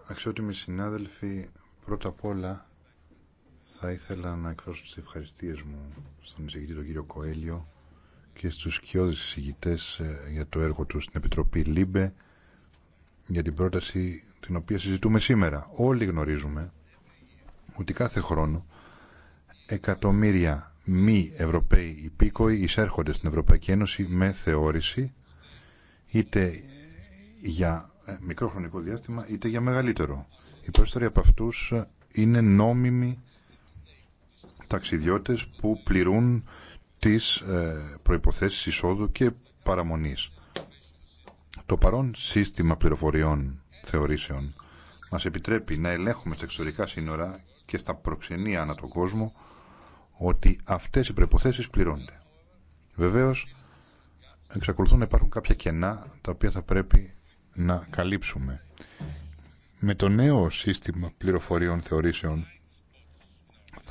Αξιότιμοι συνάδελφοι, πρώτα απ' όλα θα ήθελα να εκφράσω τις ευχαριστίες μου στον εισηγητή τον κύριο Κοέλιο και στους σκιώδεις εισηγητές ε, για το έργο του στην Επιτροπή ΛΥΜΠΕ για την πρόταση την οποία συζητούμε σήμερα. Όλοι γνωρίζουμε ότι κάθε χρόνο εκατομμύρια μη Ευρωπαίοι υπήκοοι εισέρχονται στην Ευρωπαϊκή Ένωση με θεώρηση είτε για ε, μικρό χρονικό διάστημα είτε για μεγαλύτερο. Οι περισσότεροι από αυτούς ε, είναι νόμιμοι ταξιδιώτες που πληρούν τις ε, προϋποθέσεις εισόδου και παραμονής. Το παρόν σύστημα πληροφοριών θεωρήσεων μας επιτρέπει να ελέγχουμε στα εξωτερικά σύνορα και στα προξενία ανά τον κόσμο ότι αυτές οι προϋποθέσεις πληρώνται. Βεβαίως, εξακολουθούν να υπάρχουν κάποια κενά τα οποία θα πρέπει να καλύψουμε. Με το νέο σύστημα πληροφοριών θεωρήσεων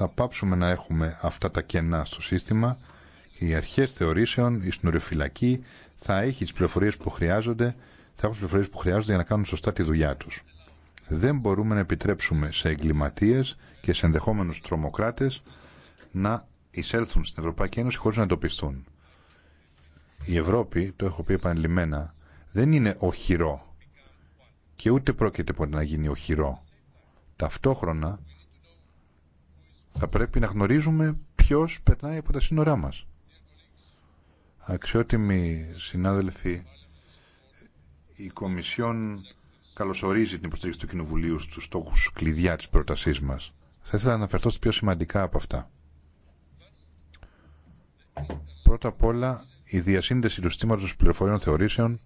θα πάψουμε να έχουμε αυτά τα κενά στο σύστημα. Οι αρχέ θεωρήσεων, η συνοριοφυλακή θα έχει τι πληροφορίε που χρειάζονται, θα έχουν τι πληροφορίε που χρειάζονται για να κάνουν σωστά τη δουλειά του. Δεν μπορούμε να επιτρέψουμε σε εγκληματίε και σε ενδεχόμενου τρομοκράτε να εισέλθουν στην Ευρωπαϊκή Ένωση χωρί να εντοπιστούν. Η Ευρώπη, το έχω πει επανειλημμένα, δεν είναι οχυρό και ούτε πρόκειται ποτέ να γίνει οχυρό. Ταυτόχρονα θα πρέπει να γνωρίζουμε ποιος περνάει από τα σύνορά μας. Αξιότιμοι συνάδελφοι, η Κομισιόν καλωσορίζει την υποστήριξη του Κοινοβουλίου στους στόχους κλειδιά της πρότασής μας. Θα ήθελα να αναφερθώ στις πιο σημαντικά από αυτά. Πρώτα απ' όλα, η διασύνδεση του συστήματος πληροφοριών θεωρήσεων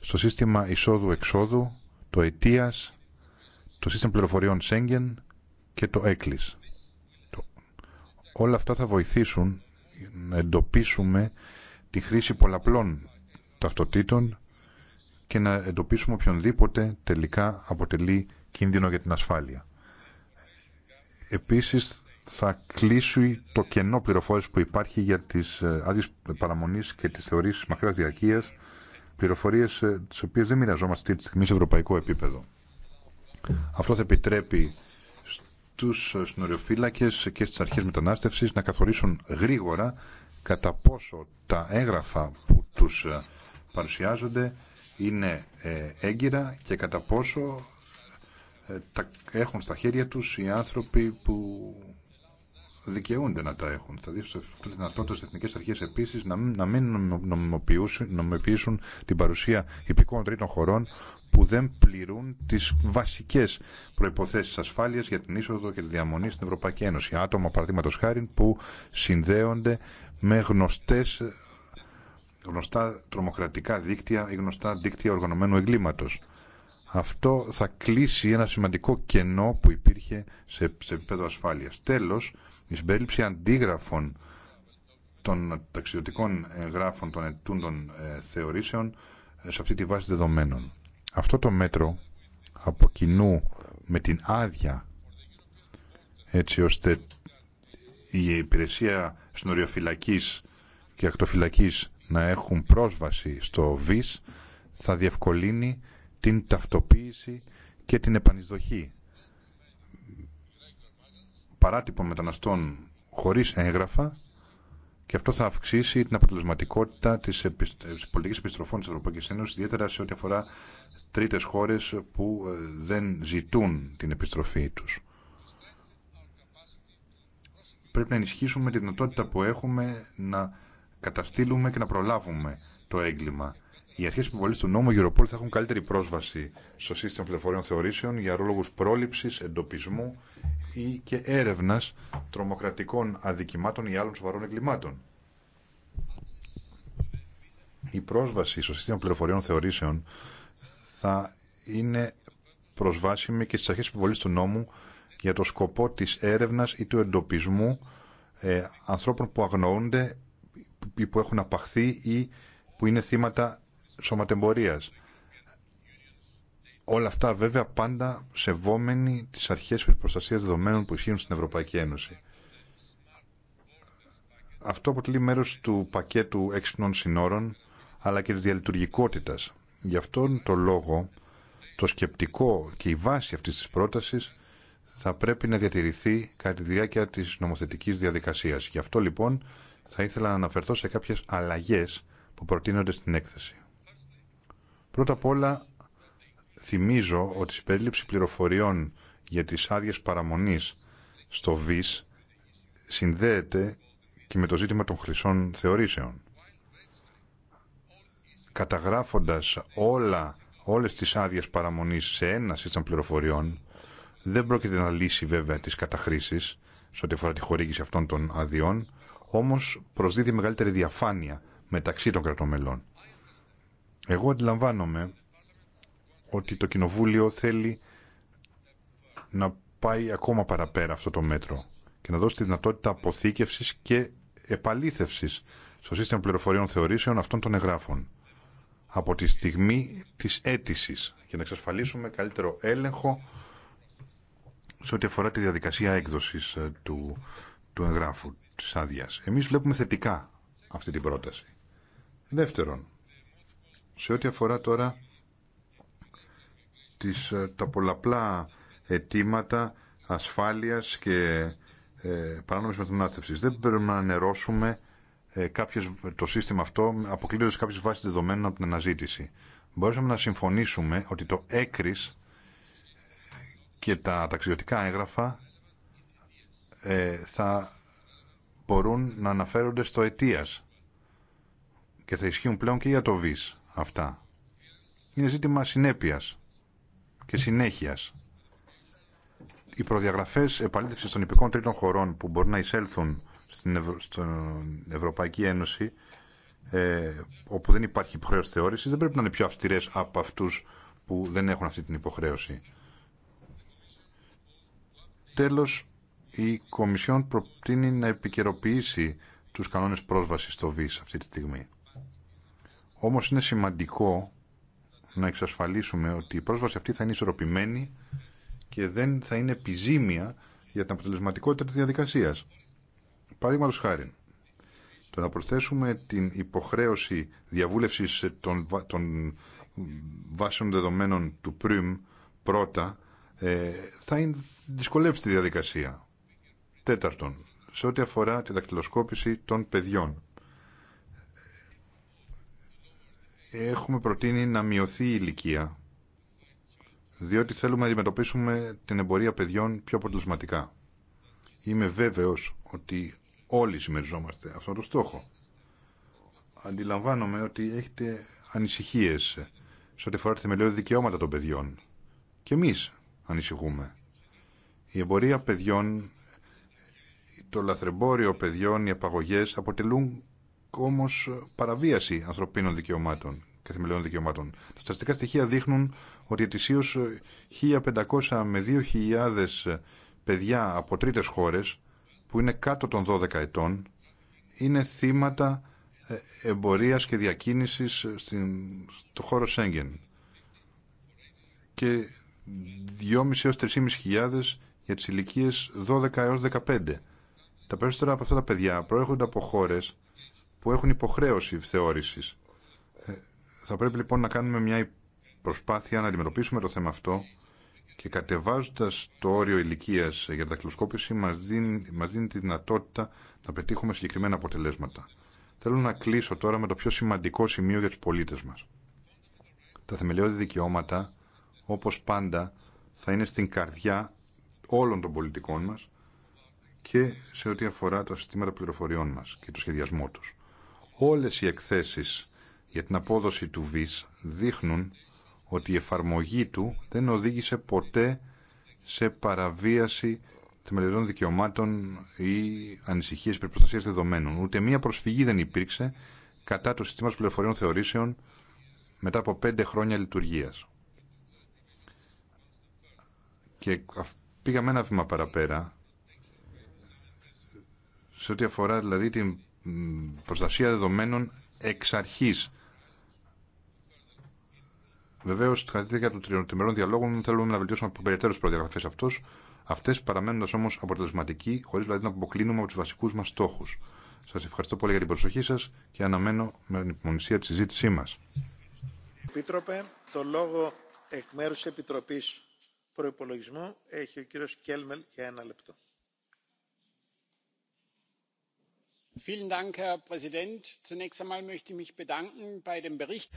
στο σύστημα εισόδου-εξόδου, το αιτίας, το σύστημα πληροφοριών Σέγγεν και το ΕΚΛΙΣ. Όλα αυτά θα βοηθήσουν να εντοπίσουμε τη χρήση πολλαπλών ταυτοτήτων και να εντοπίσουμε οποιονδήποτε τελικά αποτελεί κίνδυνο για την ασφάλεια. Επίσης θα κλείσει το κενό πληροφόρηση που υπάρχει για τις ε, άδειες παραμονής και τις θεωρήσεις μακράς διαρκείας, πληροφορίες ε, τις οποίες δεν μοιραζόμαστε τη στιγμή σε ευρωπαϊκό επίπεδο. Αυτό θα επιτρέπει τους ε, συνοριοφύλακε και στι αρχέ μετανάστευσης να καθορίσουν γρήγορα κατά πόσο τα έγγραφα που τους ε, παρουσιάζονται είναι ε, έγκυρα και κατά πόσο τα έχουν στα χέρια τους οι άνθρωποι που δικαιούνται να τα έχουν. Θα δείξουν αυτή τη δυνατότητα στι εθνικέ αρχέ επίση να, να μην νομιμοποιήσουν την παρουσία υπηκών τρίτων χωρών που δεν πληρούν τι βασικέ προποθέσει ασφάλεια για την είσοδο και τη διαμονή στην Ευρωπαϊκή Ένωση. Άτομα, παραδείγματο χάρη, που συνδέονται με γνωστές, γνωστά τρομοκρατικά δίκτυα ή γνωστά δίκτυα οργανωμένου εγκλήματος. Αυτό θα κλείσει ένα σημαντικό κενό που υπήρχε σε, σε επίπεδο ασφάλειας. Τέλος, η συμπερίληψη αντίγραφων των ταξιδιωτικών εγγράφων των ετούντων ε, θεωρήσεων ε, σε αυτή τη βάση δεδομένων. Αυτό το μέτρο από κοινού με την άδεια έτσι ώστε η υπηρεσία συνοριοφυλακής και ακτοφυλακής να έχουν πρόσβαση στο ΒΙΣ θα διευκολύνει την ταυτοποίηση και την επανεισδοχή παράτυπων μεταναστών χωρίς έγγραφα και αυτό θα αυξήσει την αποτελεσματικότητα της πολιτικής επιστροφών της Ευρωπαϊκής Ένωσης, ιδιαίτερα σε ό,τι αφορά τρίτες χώρες που ε, δεν ζητούν την επιστροφή τους. Πρέπει να ενισχύσουμε τη δυνατότητα που έχουμε να καταστήλουμε και να προλάβουμε το έγκλημα οι αρχέ επιβολή του νόμου Europol θα έχουν καλύτερη πρόσβαση στο σύστημα πληροφοριών θεωρήσεων για λόγου πρόληψη, εντοπισμού ή και έρευνα τρομοκρατικών αδικημάτων ή άλλων σοβαρών εγκλημάτων. Η πρόσβαση στο σύστημα πληροφοριών θεωρήσεων θα είναι προσβάσιμη και στι αρχέ επιβολή του νόμου για το σκοπό τη έρευνα ή του εντοπισμού ε, ανθρώπων που αγνοούνται ή που έχουν απαχθεί ή που είναι θύματα σωματεμπορίας. Όλα αυτά βέβαια πάντα σεβόμενοι τις αρχές προστασίας δεδομένων που ισχύουν στην Ευρωπαϊκή Ένωση. Αυτό αποτελεί μέρος του πακέτου έξυπνων συνόρων αλλά και της διαλειτουργικότητας. Γι' αυτόν τον λόγο το σκεπτικό και η βάση αυτής της πρότασης θα πρέπει να διατηρηθεί κατά τη διάρκεια της νομοθετικής διαδικασίας. Γι' αυτό λοιπόν θα ήθελα να αναφερθώ σε κάποιες αλλαγές που προτείνονται στην έκθεση. Πρώτα απ' όλα θυμίζω ότι η συμπερίληψη πληροφοριών για τις άδειες παραμονής στο ΒΙΣ συνδέεται και με το ζήτημα των χρυσών θεωρήσεων. Καταγράφοντας όλα, όλες τις άδειες παραμονής σε ένα σύστημα πληροφοριών, δεν πρόκειται να λύσει βέβαια τις καταχρήσεις σε ό,τι αφορά τη χορήγηση αυτών των αδειών, όμως προσδίδει μεγαλύτερη διαφάνεια μεταξύ των κρατομελών. Εγώ αντιλαμβάνομαι ότι το Κοινοβούλιο θέλει να πάει ακόμα παραπέρα αυτό το μέτρο και να δώσει τη δυνατότητα αποθήκευσης και επαλήθευσης στο σύστημα πληροφοριών θεωρήσεων αυτών των εγγράφων από τη στιγμή της αίτηση για να εξασφαλίσουμε καλύτερο έλεγχο σε ό,τι αφορά τη διαδικασία έκδοσης ε, του, του εγγράφου της άδειας. Εμείς βλέπουμε θετικά αυτή την πρόταση. Δεύτερον, σε ό,τι αφορά τώρα τις, ε, τα πολλαπλά αιτήματα ασφάλειας και ε, παράνομης μετανάστευσης. Δεν πρέπει να ανερώσουμε ε, κάποιες, το σύστημα αυτό αποκλείοντας κάποιες βάσεις δεδομένων από την αναζήτηση. Μπορούσαμε να συμφωνήσουμε ότι το έκρης και τα ταξιδιωτικά έγγραφα ε, θα μπορούν να αναφέρονται στο αιτίας και θα ισχύουν πλέον και για το ΒΙΣ αυτά. Είναι ζήτημα συνέπειας και συνέχειας. Οι προδιαγραφές επαλήθευσης των υπηκών τρίτων χωρών που μπορεί να εισέλθουν στην, Ευρωπαϊκή Ένωση ε, όπου δεν υπάρχει υποχρέωση θεώρηση, δεν πρέπει να είναι πιο αυστηρές από αυτού που δεν έχουν αυτή την υποχρέωση. Τέλο, η Κομισιόν προτείνει να επικαιροποιήσει του κανόνε πρόσβαση στο ΒΙΣ αυτή τη στιγμή. Όμως είναι σημαντικό να εξασφαλίσουμε ότι η πρόσβαση αυτή θα είναι ισορροπημένη και δεν θα είναι επιζήμια για την αποτελεσματικότητα της διαδικασίας. Παραδείγματος χάρη, το να προσθέσουμε την υποχρέωση διαβούλευσης των, των βάσεων δεδομένων του ΠΡΙΜ πρώτα, ε, θα είναι, δυσκολεύσει τη διαδικασία. Τέταρτον, σε ό,τι αφορά τη δακτυλοσκόπηση των παιδιών. έχουμε προτείνει να μειωθεί η ηλικία, διότι θέλουμε να αντιμετωπίσουμε την εμπορία παιδιών πιο αποτελεσματικά. Είμαι βέβαιος ότι όλοι συμμεριζόμαστε αυτόν τον στόχο. Αντιλαμβάνομαι ότι έχετε ανησυχίες σε ό,τι αφορά τη θεμελιώδη δικαιώματα των παιδιών. Και εμείς ανησυχούμε. Η εμπορία παιδιών, το λαθρεμπόριο παιδιών, οι απαγωγές αποτελούν Όμω παραβίαση ανθρωπίνων δικαιωμάτων και θεμελιών δικαιωμάτων. Τα στατιστικά στοιχεία δείχνουν ότι ετησίω 1.500 ε, με 2.000 ε, παιδιά από τρίτε χώρες που είναι κάτω των 12 ετών είναι θύματα ε, εμπορία και διακίνησης στο χώρο Σέγγεν και 2.500 έω 3.500 για τις ηλικίε 12 έως 15. Τα περισσότερα από αυτά τα παιδιά προέρχονται από χώρες που έχουν υποχρέωση Ε, Θα πρέπει λοιπόν να κάνουμε μια προσπάθεια να αντιμετωπίσουμε το θέμα αυτό και κατεβάζοντα το όριο ηλικία για τα κλωσκόπηση μα δίνει, μας δίνει τη δυνατότητα να πετύχουμε συγκεκριμένα αποτελέσματα. Θέλω να κλείσω τώρα με το πιο σημαντικό σημείο για του πολίτε μα. Τα θεμελιώδη δικαιώματα, όπω πάντα, θα είναι στην καρδιά όλων των πολιτικών μας και σε ό,τι αφορά τα συστήματα πληροφοριών μας και το σχεδιασμό τους. Όλες οι εκθέσεις για την απόδοση του ΒΙΣ δείχνουν ότι η εφαρμογή του δεν οδήγησε ποτέ σε παραβίαση των θεμελιωδών δικαιωμάτων ή ανησυχίες περί δεδομένων. Ούτε μία προσφυγή δεν υπήρξε κατά το Συστήμα πληροφοριών θεωρήσεων μετά από πέντε χρόνια λειτουργίας. Και πήγαμε ένα βήμα παραπέρα σε ό,τι αφορά δηλαδή την προστασία δεδομένων εξ αρχής. Βεβαίω, κατά τη διάρκεια των τριμερών διαλόγων θέλουμε να βελτιώσουμε περαιτέρω τι προδιαγραφέ αυτέ, παραμένοντα όμω αποτελεσματικοί, χωρί δηλαδή να αποκλίνουμε από του βασικού μα στόχου. Σα ευχαριστώ πολύ για την προσοχή σα και αναμένω με ανυπομονησία τη συζήτησή μα. Επίτροπε, το λόγο εκ μέρου τη Επιτροπή Προπολογισμού έχει ο κύριο Κέλμελ για ένα λεπτό. herr präsident! zunächst einmal möchte ich mich bedanken bei dem bericht.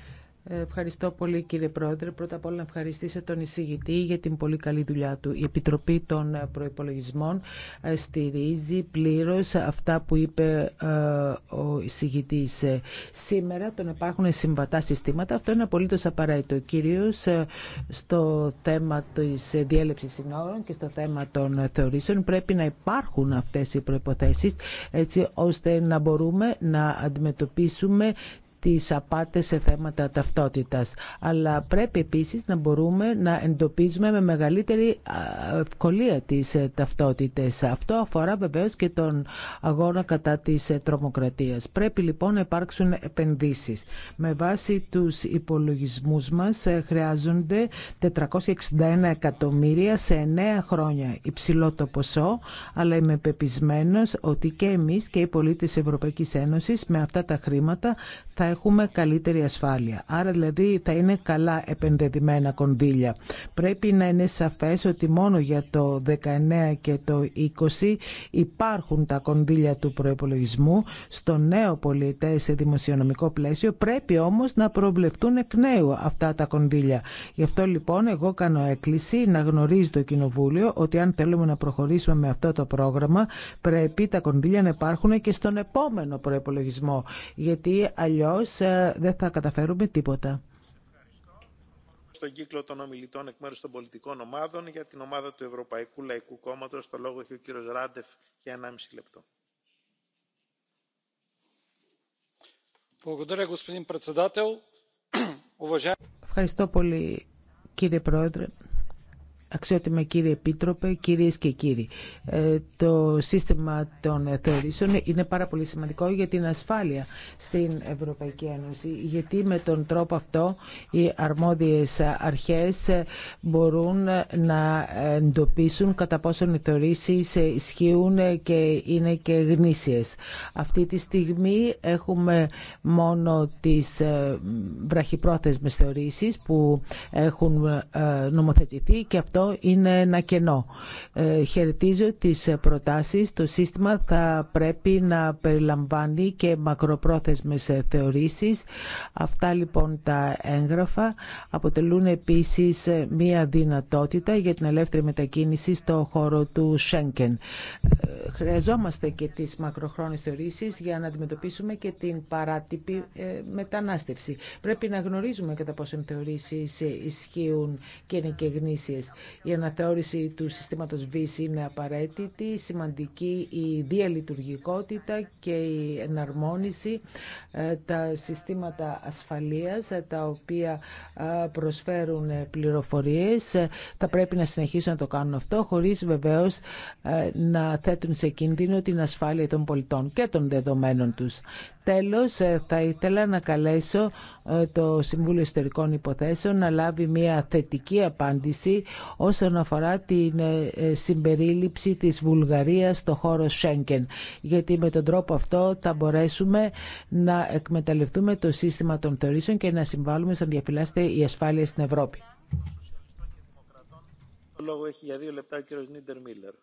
Ευχαριστώ πολύ κύριε Πρόεδρε. Πρώτα απ' όλα να ευχαριστήσω τον εισηγητή για την πολύ καλή δουλειά του. Η Επιτροπή των Προϋπολογισμών ε, στηρίζει πλήρως αυτά που είπε ε, ο εισηγητής. Σήμερα τον υπάρχουν συμβατά συστήματα. Αυτό είναι απολύτως απαραίτητο. Κυρίως ε, στο θέμα της διέλευσης συνόρων και στο θέμα των θεωρήσεων πρέπει να υπάρχουν αυτές οι προϋποθέσεις έτσι ώστε να μπορούμε να αντιμετωπίσουμε τι απάτες σε θέματα ταυτότητας. Αλλά πρέπει επίσης να μπορούμε να εντοπίζουμε με μεγαλύτερη ευκολία τις ε, ταυτότητες. Αυτό αφορά βεβαίως και τον αγώνα κατά της ε, τρομοκρατίας. Πρέπει λοιπόν να υπάρξουν επενδύσεις. Με βάση τους υπολογισμούς μας ε, χρειάζονται 461 εκατομμύρια σε 9 χρόνια. Υψηλό το ποσό, αλλά είμαι πεπισμένος ότι και εμείς και οι πολίτες Ευρωπαϊκής Ένωσης με αυτά τα χρήματα θα έχουμε καλύτερη ασφάλεια. Άρα δηλαδή θα είναι καλά επενδεδημένα κονδύλια. Πρέπει να είναι σαφές ότι μόνο για το 19 και το 20 υπάρχουν τα κονδύλια του προϋπολογισμού στο νέο πολιτέ σε δημοσιονομικό πλαίσιο. Πρέπει όμως να προβλεφτούν εκ νέου αυτά τα κονδύλια. Γι' αυτό λοιπόν εγώ κάνω έκκληση να γνωρίζει το Κοινοβούλιο ότι αν θέλουμε να προχωρήσουμε με αυτό το πρόγραμμα πρέπει τα κονδύλια να υπάρχουν και στον επόμενο προπολογισμό. Γιατί αλλιώ αλλιώς ε, δεν θα καταφέρουμε τίποτα. Στον κύκλο των ομιλητών εκ μέρους των πολιτικών ομάδων για την ομάδα του Ευρωπαϊκού Λαϊκού Κόμματος το λόγο έχει ο κύριο Ράντεφ για 1,5 λεπτό. Ευχαριστώ πολύ κύριε Πρόεδρε. Αξιότιμα κύριε Επίτροπε, κυρίες και κύριοι, ε, το σύστημα των θεωρήσεων είναι πάρα πολύ σημαντικό για την ασφάλεια στην Ευρωπαϊκή Ένωση, γιατί με τον τρόπο αυτό οι αρμόδιες αρχές μπορούν να εντοπίσουν κατά πόσον οι θεωρήσεις ισχύουν και είναι και γνήσιες. Αυτή τη στιγμή έχουμε μόνο τις ε, βραχυπρόθεσμες θεωρήσεις που έχουν ε, νομοθετηθεί και αυτό είναι ένα κενό. Ε, χαιρετίζω τις προτάσεις. Το σύστημα θα πρέπει να περιλαμβάνει και μακροπρόθεσμες θεωρήσεις. Αυτά λοιπόν τα έγγραφα αποτελούν επίσης μία δυνατότητα για την ελεύθερη μετακίνηση στο χώρο του Σέγκεν. Ε, χρειαζόμαστε και τις μακροχρόνιες θεωρήσεις για να αντιμετωπίσουμε και την παράτυπη ε, μετανάστευση. Πρέπει να γνωρίζουμε κατά πόσο θεωρήσεις ισχύουν και είναι και γνήσιες. Η αναθεώρηση του συστήματος ΒΙΣ είναι απαραίτητη, σημαντική η διαλειτουργικότητα και η εναρμόνιση ε, τα συστήματα ασφαλείας ε, τα οποία ε, προσφέρουν πληροφορίες θα πρέπει να συνεχίσουν να το κάνουν αυτό χωρίς βεβαίως να θέτουν σε κίνδυνο την ασφάλεια των πολιτών και των δεδομένων τους. Τέλος, ε, θα ήθελα να καλέσω ε, το Συμβούλιο Ιστορικών Υποθέσεων να λάβει μια θετική απάντηση όσον αφορά την ε, συμπερίληψη της Βουλγαρίας στο χώρο Σέγγεν. Γιατί με τον τρόπο αυτό θα μπορέσουμε να εκμεταλλευτούμε το σύστημα των θεωρήσεων και να συμβάλλουμε σαν διαφυλάστε η ασφάλεια στην Ευρώπη. Το λόγο έχει για δύο λεπτά ο κύριος Νίντερ Μίλλερ.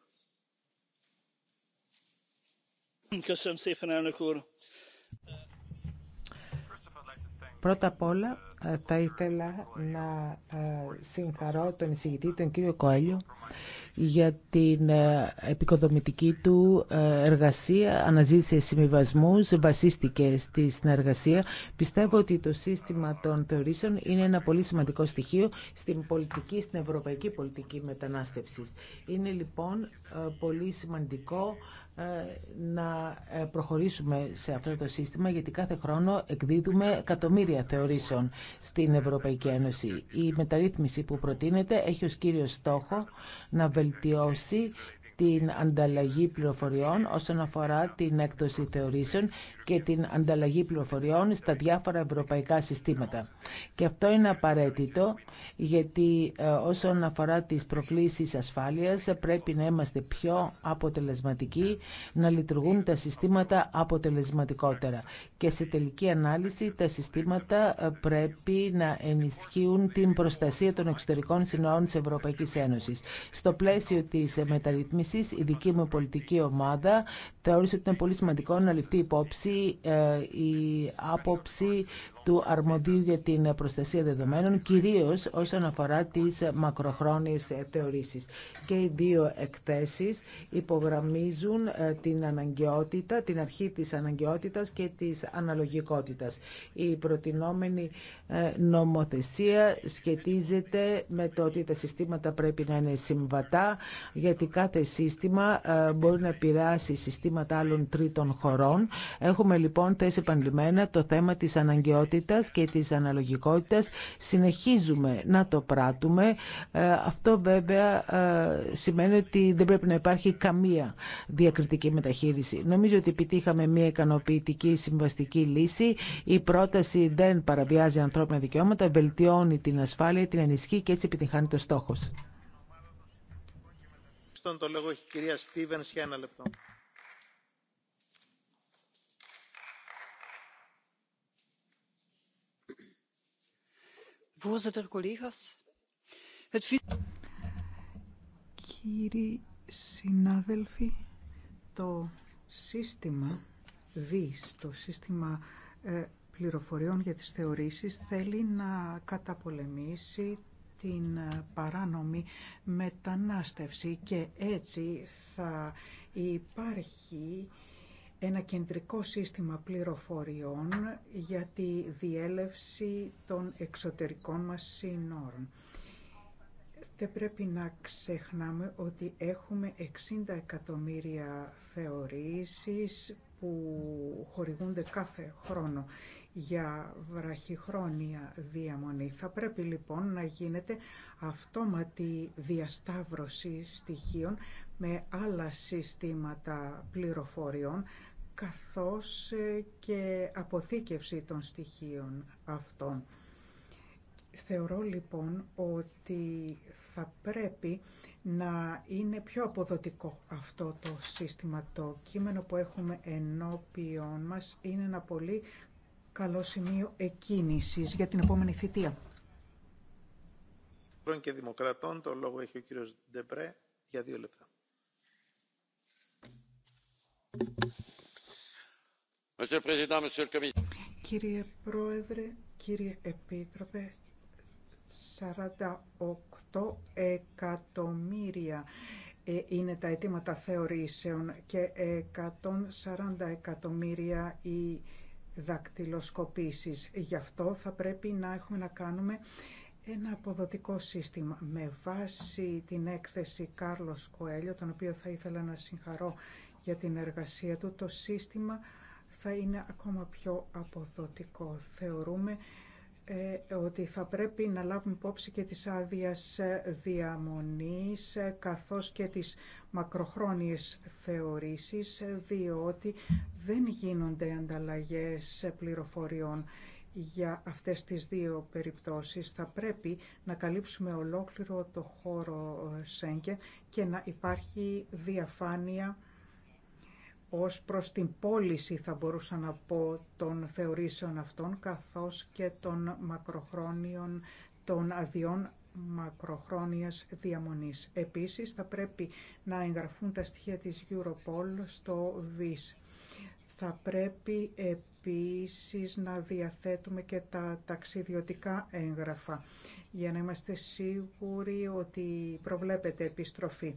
Πρώτα απ' όλα ε, θα ήθελα να ε, συγχαρώ τον εισηγητή, τον κύριο Κοέλιο, για την ε, επικοδομητική του εργασία, αναζήτησε συμβιβασμού, βασίστηκε στη συνεργασία. Πιστεύω ότι το σύστημα των θεωρήσεων είναι ένα πολύ σημαντικό στοιχείο στην πολιτική, στην ευρωπαϊκή πολιτική μετανάστευσης. Είναι λοιπόν πολύ σημαντικό ε, να ε, προχωρήσουμε σε αυτό το σύστημα γιατί κάθε χρόνο εκδίδουμε εκατομμύρια θεωρήσεων στην Ευρωπαϊκή Ένωση. Η μεταρρύθμιση που προτείνεται έχει ως κύριο στόχο να βελτιώσει την ανταλλαγή πληροφοριών όσον αφορά την έκδοση θεωρήσεων και την ανταλλαγή πληροφοριών στα διάφορα ευρωπαϊκά συστήματα. Και αυτό είναι απαραίτητο γιατί ε, όσον αφορά τις προκλήσεις ασφάλειας πρέπει να είμαστε πιο αποτελεσματικοί, να λειτουργούν τα συστήματα αποτελεσματικότερα. Και σε τελική ανάλυση τα συστήματα ε, πρέπει να ενισχύουν την προστασία των εξωτερικών συνόρων της Ευρωπαϊκής Ένωσης. Στο πλαίσιο της μεταρρυθμίσης η δική μου πολιτική ομάδα θεώρησε ότι είναι πολύ σημαντικό να ληφθεί υπόψη ε, η άποψη του αρμοδίου για την προστασία δεδομένων, κυρίως όσον αφορά τις μακροχρόνιες θεωρήσεις. Και οι δύο εκθέσεις υπογραμμίζουν ε, την αναγκαιότητα, την αρχή της αναγκαιότητας και της αναλογικότητας. Η προτινόμενη ε, νομοθεσία σχετίζεται με το ότι τα συστήματα πρέπει να είναι συμβατά, γιατί κάθε σύστημα ε, μπορεί να επηρεάσει συστήματα άλλων τρίτων χωρών. Έχουμε λοιπόν θέσει επανειλημμένα το θέμα της αναγκαιότητας και της αναλογικότητας. Συνεχίζουμε να το πράττουμε. Ε, αυτό βέβαια ε, σημαίνει ότι δεν πρέπει να υπάρχει καμία διακριτική μεταχείριση. Νομίζω ότι επιτύχαμε μια ικανοποιητική συμβαστική λύση. Η πρόταση δεν παραβιάζει ανθρώπινα δικαιώματα, βελτιώνει την ασφάλεια, την ενισχύει και έτσι επιτυχάνει το στόχος. Στον το λόγο έχει η κυρία Στίβενς για ένα λεπτό. Voorzitter, collega's. Κύριοι συνάδελφοι, το σύστημα ΒΙΣ, το σύστημα ε, πληροφοριών για τις θεωρήσεις, θέλει να καταπολεμήσει την ε, παράνομη μετανάστευση και έτσι θα υπάρχει ένα κεντρικό σύστημα πληροφοριών για τη διέλευση των εξωτερικών μας σύνορων. Δεν πρέπει να ξεχνάμε ότι έχουμε 60 εκατομμύρια θεωρήσεις που χορηγούνται κάθε χρόνο για βραχυχρόνια διαμονή. Θα πρέπει λοιπόν να γίνεται αυτόματη διασταύρωση στοιχείων με άλλα συστήματα πληροφοριών καθώς ε, και αποθήκευση των στοιχείων αυτών. Θεωρώ λοιπόν ότι θα πρέπει να είναι πιο αποδοτικό αυτό το σύστημα. Το κείμενο που έχουμε ενώπιον μας είναι ένα πολύ καλό σημείο εκκίνησης για την επόμενη θητεία. και Δημοκρατών, το λόγο έχει κύριος για δύο λεπτά. Κύριε Πρόεδρε, κύριε Επίτροπε, 48 εκατομμύρια ε, είναι τα αιτήματα θεωρήσεων και 140 εκατομμύρια οι δακτυλοσκοπήσεις. Γι' αυτό θα πρέπει να έχουμε να κάνουμε ένα αποδοτικό σύστημα. Με βάση την έκθεση Κάρλος Κοέλιο, τον οποίο θα ήθελα να συγχαρώ για την εργασία του, το σύστημα θα είναι ακόμα πιο αποδοτικό. Θεωρούμε ε, ότι θα πρέπει να λάβουμε υπόψη και της άδεια διαμονής ε, καθώς και τις μακροχρόνιες θεωρήσεις διότι δεν γίνονται ανταλλαγές πληροφοριών για αυτές τις δύο περιπτώσεις θα πρέπει να καλύψουμε ολόκληρο το χώρο Σέγγεν και να υπάρχει διαφάνεια ως προς την πώληση θα μπορούσα να πω των θεωρήσεων αυτών καθώς και των μακροχρόνιων των αδειών μακροχρόνιας διαμονής. Επίσης θα πρέπει να εγγραφούν τα στοιχεία της Europol στο ΒΙΣ. Θα πρέπει επίσης να διαθέτουμε και τα ταξιδιωτικά έγγραφα για να είμαστε σίγουροι ότι προβλέπεται επιστροφή.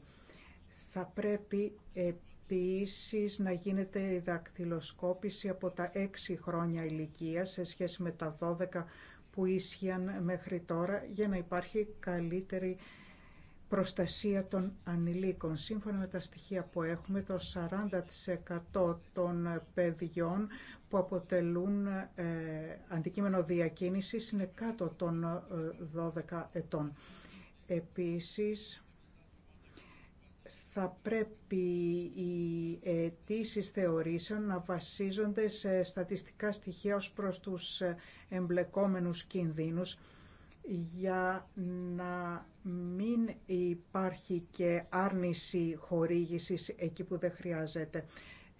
Θα πρέπει επίσης να γίνεται η δακτυλοσκόπηση από τα 6 χρόνια ηλικία σε σχέση με τα 12 που ίσχυαν μέχρι τώρα για να υπάρχει καλύτερη προστασία των ανηλίκων. Σύμφωνα με τα στοιχεία που έχουμε, το 40% των παιδιών που αποτελούν ε, αντικείμενο διακίνησης είναι κάτω των 12 ε, ετών. Επίσης, θα πρέπει οι αιτήσει θεωρήσεων να βασίζονται σε στατιστικά στοιχεία ως προς τους εμπλεκόμενους κινδύνους για να μην υπάρχει και άρνηση χορήγησης εκεί που δεν χρειάζεται.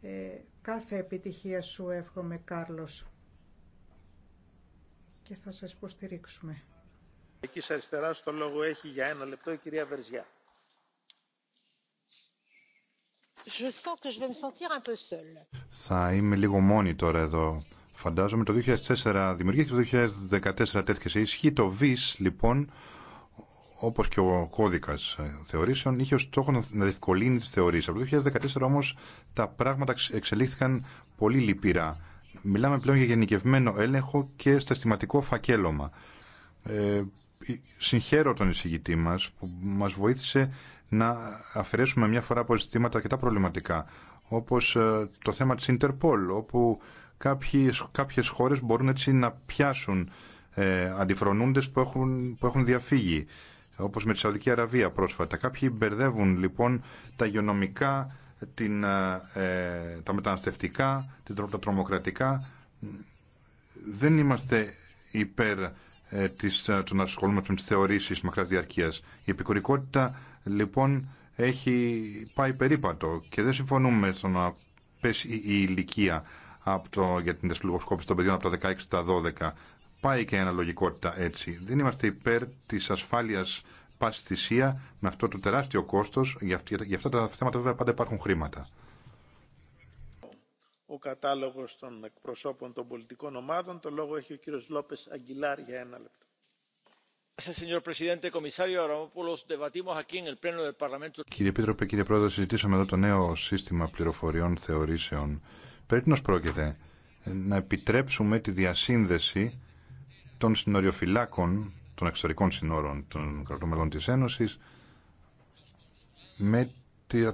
Ε, κάθε επιτυχία σου εύχομαι Κάρλος και θα σας υποστηρίξουμε. Εκεί αριστερά στο λόγο έχει για ένα λεπτό η κυρία Βερζιά. Θα είμαι λίγο μόνη τώρα εδώ. Φαντάζομαι το 2004 δημιουργήθηκε, το 2014 τέθηκε σε ισχύ. Το ΒΙΣ, λοιπόν, όπως και ο κώδικας ε, θεωρήσεων, είχε ω στόχο να διευκολύνει τι θεωρήσεις. Από το 2014 όμως τα πράγματα εξελίχθηκαν πολύ λυπηρά. Μιλάμε πλέον για γενικευμένο έλεγχο και σταστηματικό φακέλωμα. Ε, συγχαίρω τον εισηγητή μας που μας βοήθησε να αφαιρέσουμε μια φορά από ζητήματα αρκετά προβληματικά, όπως ε, το θέμα της Interpol, όπου κάποιες, κάποιες χώρες μπορούν έτσι να πιάσουν ε, αντιφρονούντες που έχουν, που έχουν διαφύγει, όπως με τη Σαουδική Αραβία πρόσφατα. Κάποιοι μπερδεύουν λοιπόν τα υγειονομικά, την, ε, ε, τα μεταναστευτικά, τα τρομοκρατικά. Δεν είμαστε υπέρ ε, της, ε, των να ασχολούμαστε με τις θεωρήσεις μακράς διαρκείας. Η επικουρικότητα λοιπόν έχει πάει περίπατο και δεν συμφωνούμε στο να πέσει η, ηλικία από το, για την δεσλογοσκόπηση των παιδιών από τα 16 στα 12. Πάει και η αναλογικότητα έτσι. Δεν είμαστε υπέρ της ασφάλειας πάση θυσία με αυτό το τεράστιο κόστος. Για, για, για αυτά τα θέματα βέβαια πάντα υπάρχουν χρήματα ο κατάλογος των εκπροσώπων των πολιτικών ομάδων. Το λόγο έχει ο κύριος Λόπες Αγγιλάρ για ένα λεπτό. Señor presidente, comisario debatimos aquí en el pleno del Parlamento. Κύριε Πίτροπε, κύριε Πρόεδρε, συζητήσαμε εδώ το νέο σύστημα πληροφοριών θεωρήσεων. Περί τίνο πρόκειται να επιτρέψουμε τη διασύνδεση των συνοριοφυλάκων των εξωτερικών συνόρων των κρατών μελών της Ένωσης με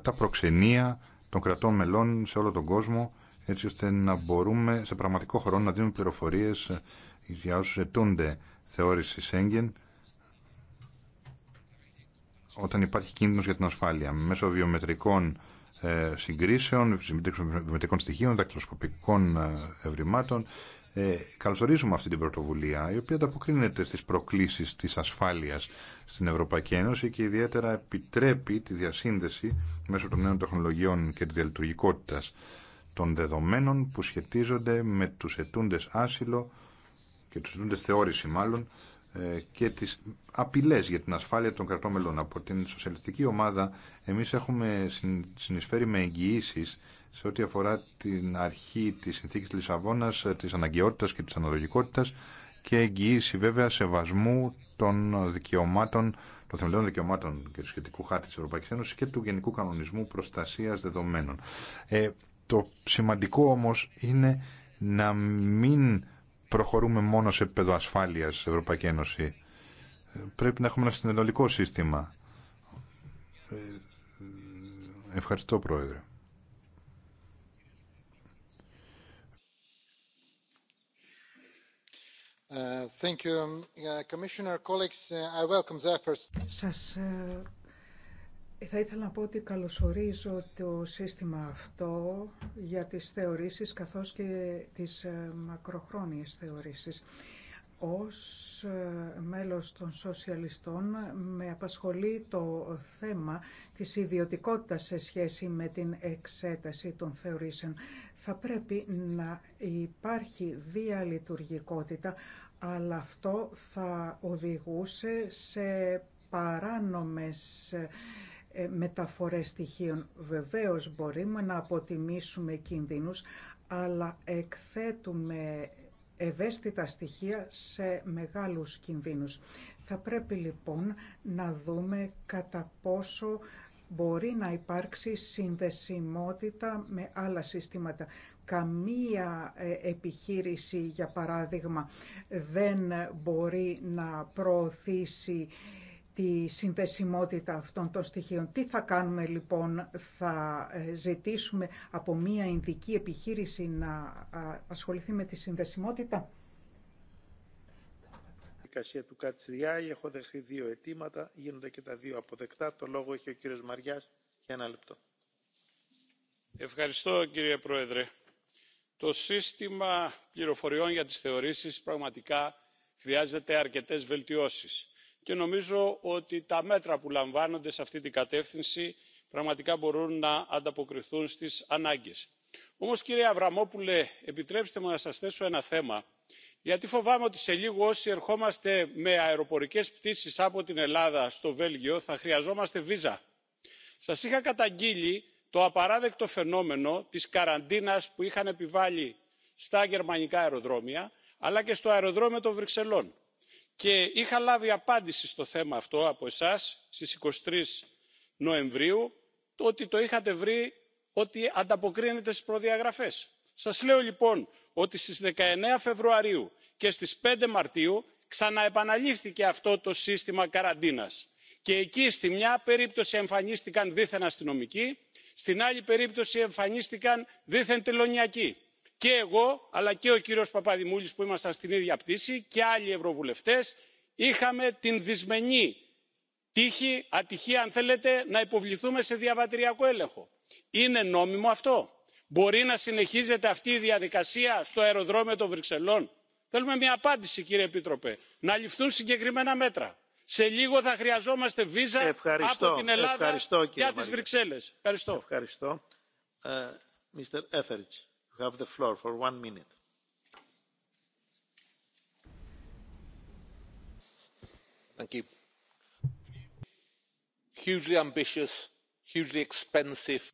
τα προξενία των κρατών μελών σε όλο τον κόσμο έτσι ώστε να μπορούμε σε πραγματικό χρόνο να δίνουμε πληροφορίες για όσους ετούνται θεώρηση έγκεν όταν υπάρχει κίνδυνος για την ασφάλεια μέσω βιομετρικών ε, συγκρίσεων, βιομετρικών στοιχείων, δακτυλοσκοπικών ε, ευρημάτων. Ε, καλωσορίζουμε αυτή την πρωτοβουλία, η οποία ανταποκρίνεται στις προκλήσεις της ασφάλειας στην Ευρωπαϊκή Ένωση και ιδιαίτερα επιτρέπει τη διασύνδεση μέσω των νέων τεχνολογιών και της διαλειτουργικότητας των δεδομένων που σχετίζονται με τους ετούντες άσυλο και τους ετούντες θεώρηση μάλλον ε, και τις απειλές για την ασφάλεια των κρατών μελών. Από την σοσιαλιστική ομάδα εμείς έχουμε συνεισφέρει με εγγυήσει σε ό,τι αφορά την αρχή της συνθήκης της Λισαβόνας, ε, της αναγκαιότητας και της αναλογικότητας και εγγυήσει βέβαια σεβασμού των δικαιωμάτων των θεμελιών δικαιωμάτων και του σχετικού χάρτη τη Ευρωπαϊκή Ένωση και του Γενικού Κανονισμού Προστασία Δεδομένων. Ε, το σημαντικό όμως είναι να μην προχωρούμε μόνο σε επίπεδο ασφάλειας στην Ευρωπαϊκή Ένωση. Πρέπει να έχουμε ένα συνολικό σύστημα. Ευχαριστώ, Πρόεδρε. Uh, thank you. Uh, Commissioner, colleagues, uh, I welcome the θα ήθελα να πω ότι καλωσορίζω το σύστημα αυτό για τις θεωρήσεις καθώς και τις ε, μακροχρόνιες θεωρήσεις. Ως ε, μέλος των σοσιαλιστών με απασχολεί το θέμα της ιδιωτικότητας σε σχέση με την εξέταση των θεωρήσεων. Θα πρέπει να υπάρχει διαλειτουργικότητα, αλλά αυτό θα οδηγούσε σε παράνομες ε, ε, μεταφορές στοιχείων. Βεβαίως μπορούμε να αποτιμήσουμε κινδύνους, αλλά εκθέτουμε ευαίσθητα στοιχεία σε μεγάλους κινδύνους. Θα πρέπει λοιπόν να δούμε κατά πόσο μπορεί να υπάρξει συνδεσιμότητα με άλλα συστήματα. Καμία ε, επιχείρηση, για παράδειγμα, δεν μπορεί να προωθήσει τη συνδεσιμότητα αυτών των στοιχείων. Τι θα κάνουμε λοιπόν, θα ε, ζητήσουμε από μία ειδική επιχείρηση να ασχοληθεί με τη συνδεσιμότητα. Δικασία του Κατσιδιάη, έχω δεχθεί δύο αιτήματα, γίνονται και τα δύο αποδεκτά. Το λόγο έχει ο κύριος Μαριάς για ένα λεπτό. Ευχαριστώ κύριε Πρόεδρε. Το σύστημα πληροφοριών για τις θεωρήσεις πραγματικά χρειάζεται αρκετές βελτιώσεις και νομίζω ότι τα μέτρα που λαμβάνονται σε αυτή την κατεύθυνση πραγματικά μπορούν να ανταποκριθούν στις ανάγκες. όμως κύριε Αβραμόπουλε επιτρέψτε μου να σας θέσω ένα θέμα γιατί φοβάμαι ότι σε λίγο όσοι ερχόμαστε με αεροπορικές πτήσεις από την ελλάδα στο βέλγιο θα χρειαζόμαστε βίζα. σας είχα καταγγείλει το απαράδεκτο φαινόμενο της καραντίνας που είχαν επιβάλει στα γερμανικά αεροδρόμια αλλά και στο αεροδρόμιο των βρυξελών και είχα λάβει απάντηση στο θέμα αυτό από εσάς στις 23 Νοεμβρίου ότι το είχατε βρει ότι ανταποκρίνεται στις προδιαγραφές. Σας λέω λοιπόν ότι στις 19 Φεβρουαρίου και στις 5 Μαρτίου ξαναεπαναλήφθηκε αυτό το σύστημα καραντίνας και εκεί στη μια περίπτωση εμφανίστηκαν δίθεν αστυνομικοί στην άλλη περίπτωση εμφανίστηκαν δίθεν τελωνιακοί και εγώ αλλά και ο κύριος παπαδημούλης που ήμασταν στην ίδια πτήση και άλλοι ευρωβουλευτές είχαμε την δυσμενή τύχη ατυχία αν θέλετε να υποβληθούμε σε διαβατηριακό έλεγχο. είναι νόμιμο αυτό; μπορεί να συνεχίζεται αυτή η διαδικασία στο αεροδρόμιο των βρυξελών; θέλουμε μια απάντηση κύριε επίτροπε να ληφθούν συγκεκριμένα μέτρα. σε λίγο θα χρειαζόμαστε βίζα από την ελλάδα για τις βρυξέλλες. ευχαριστώ. Ε, You have the floor for one minute. Thank you. Hugely ambitious, hugely expensive.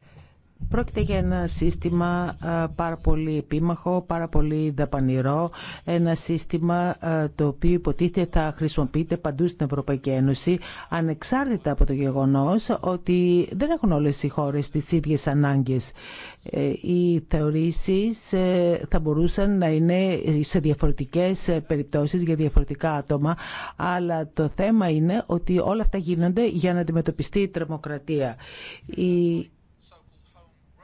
Πρόκειται για ένα σύστημα πάρα πολύ επίμαχο, πάρα πολύ δαπανηρό, ένα σύστημα το οποίο υποτίθεται θα χρησιμοποιείται παντού στην Ευρωπαϊκή Ένωση, ανεξάρτητα από το γεγονός ότι δεν έχουν όλες οι χώρες τις ίδιες ανάγκες. Ε, οι θεωρήσεις ε, θα μπορούσαν να είναι σε διαφορετικές ε, περιπτώσεις για διαφορετικά άτομα, αλλά το θέμα είναι ότι όλα αυτά γίνονται για να αντιμετωπιστεί η τρομοκρατία. Η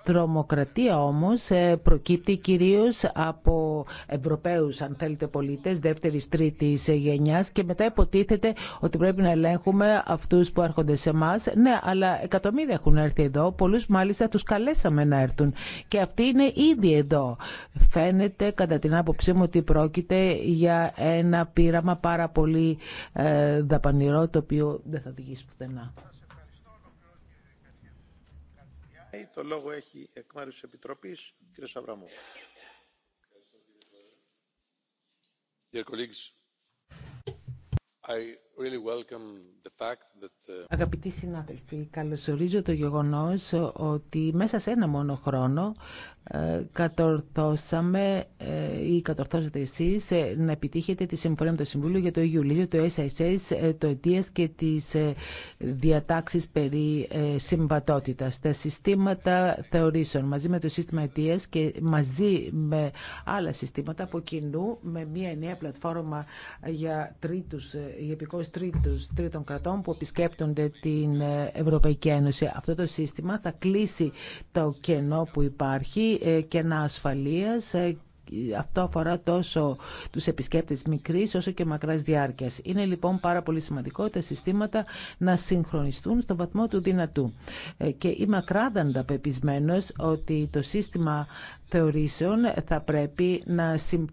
Τρομοκρατία όμως ε, προκύπτει κυρίως από Ευρωπαίους, αν θέλετε, πολίτες δεύτερης, τρίτης ε, γενιάς και μετά υποτίθεται ότι πρέπει να ελέγχουμε αυτούς που έρχονται σε εμά. Ναι, αλλά εκατομμύρια έχουν έρθει εδώ, πολλούς μάλιστα τους καλέσαμε να έρθουν και αυτοί είναι ήδη εδώ. Φαίνεται κατά την άποψή μου ότι πρόκειται για ένα πείραμα πάρα πολύ ε, δαπανηρό το οποίο δεν θα οδηγήσει πουθενά. Το λόγο έχει εκ μέρους της Επιτροπής, κύριε Σαβραμού. Uh, Αγαπητοί συνάδελφοι, καλωσορίζω το γεγονός ότι μέσα σε ένα μόνο χρόνο ε, κατορθώσαμε ε, ή κατορθώσατε εσείς ε, να επιτύχετε τη συμφωνία με το Συμβούλιο για το Ιουλίζιο, το SSS, το ΕΤΙΑΣ και τις διατάξεις περί συμβατότητας. Τα συστήματα θεωρήσεων μαζί με το σύστημα ΕΤΙΑΣ και μαζί με άλλα συστήματα από κοινού με μια νέα πλατφόρμα για τρίτους, για τρίτους, τρίτων κρατών που επισκέπτονται την ε, Ευρωπαϊκή Ένωση. Αυτό το σύστημα θα κλείσει το κενό που υπάρχει, ε, κενά ασφαλείας ε, αυτό αφορά τόσο τους επισκέπτες μικρής όσο και μακράς διάρκειας. Είναι λοιπόν πάρα πολύ σημαντικό τα συστήματα να συγχρονιστούν στον βαθμό του δυνατού. Και είμαι ακράδαντα πεπισμένος ότι το σύστημα θεωρήσεων θα πρέπει να συμφωνήσει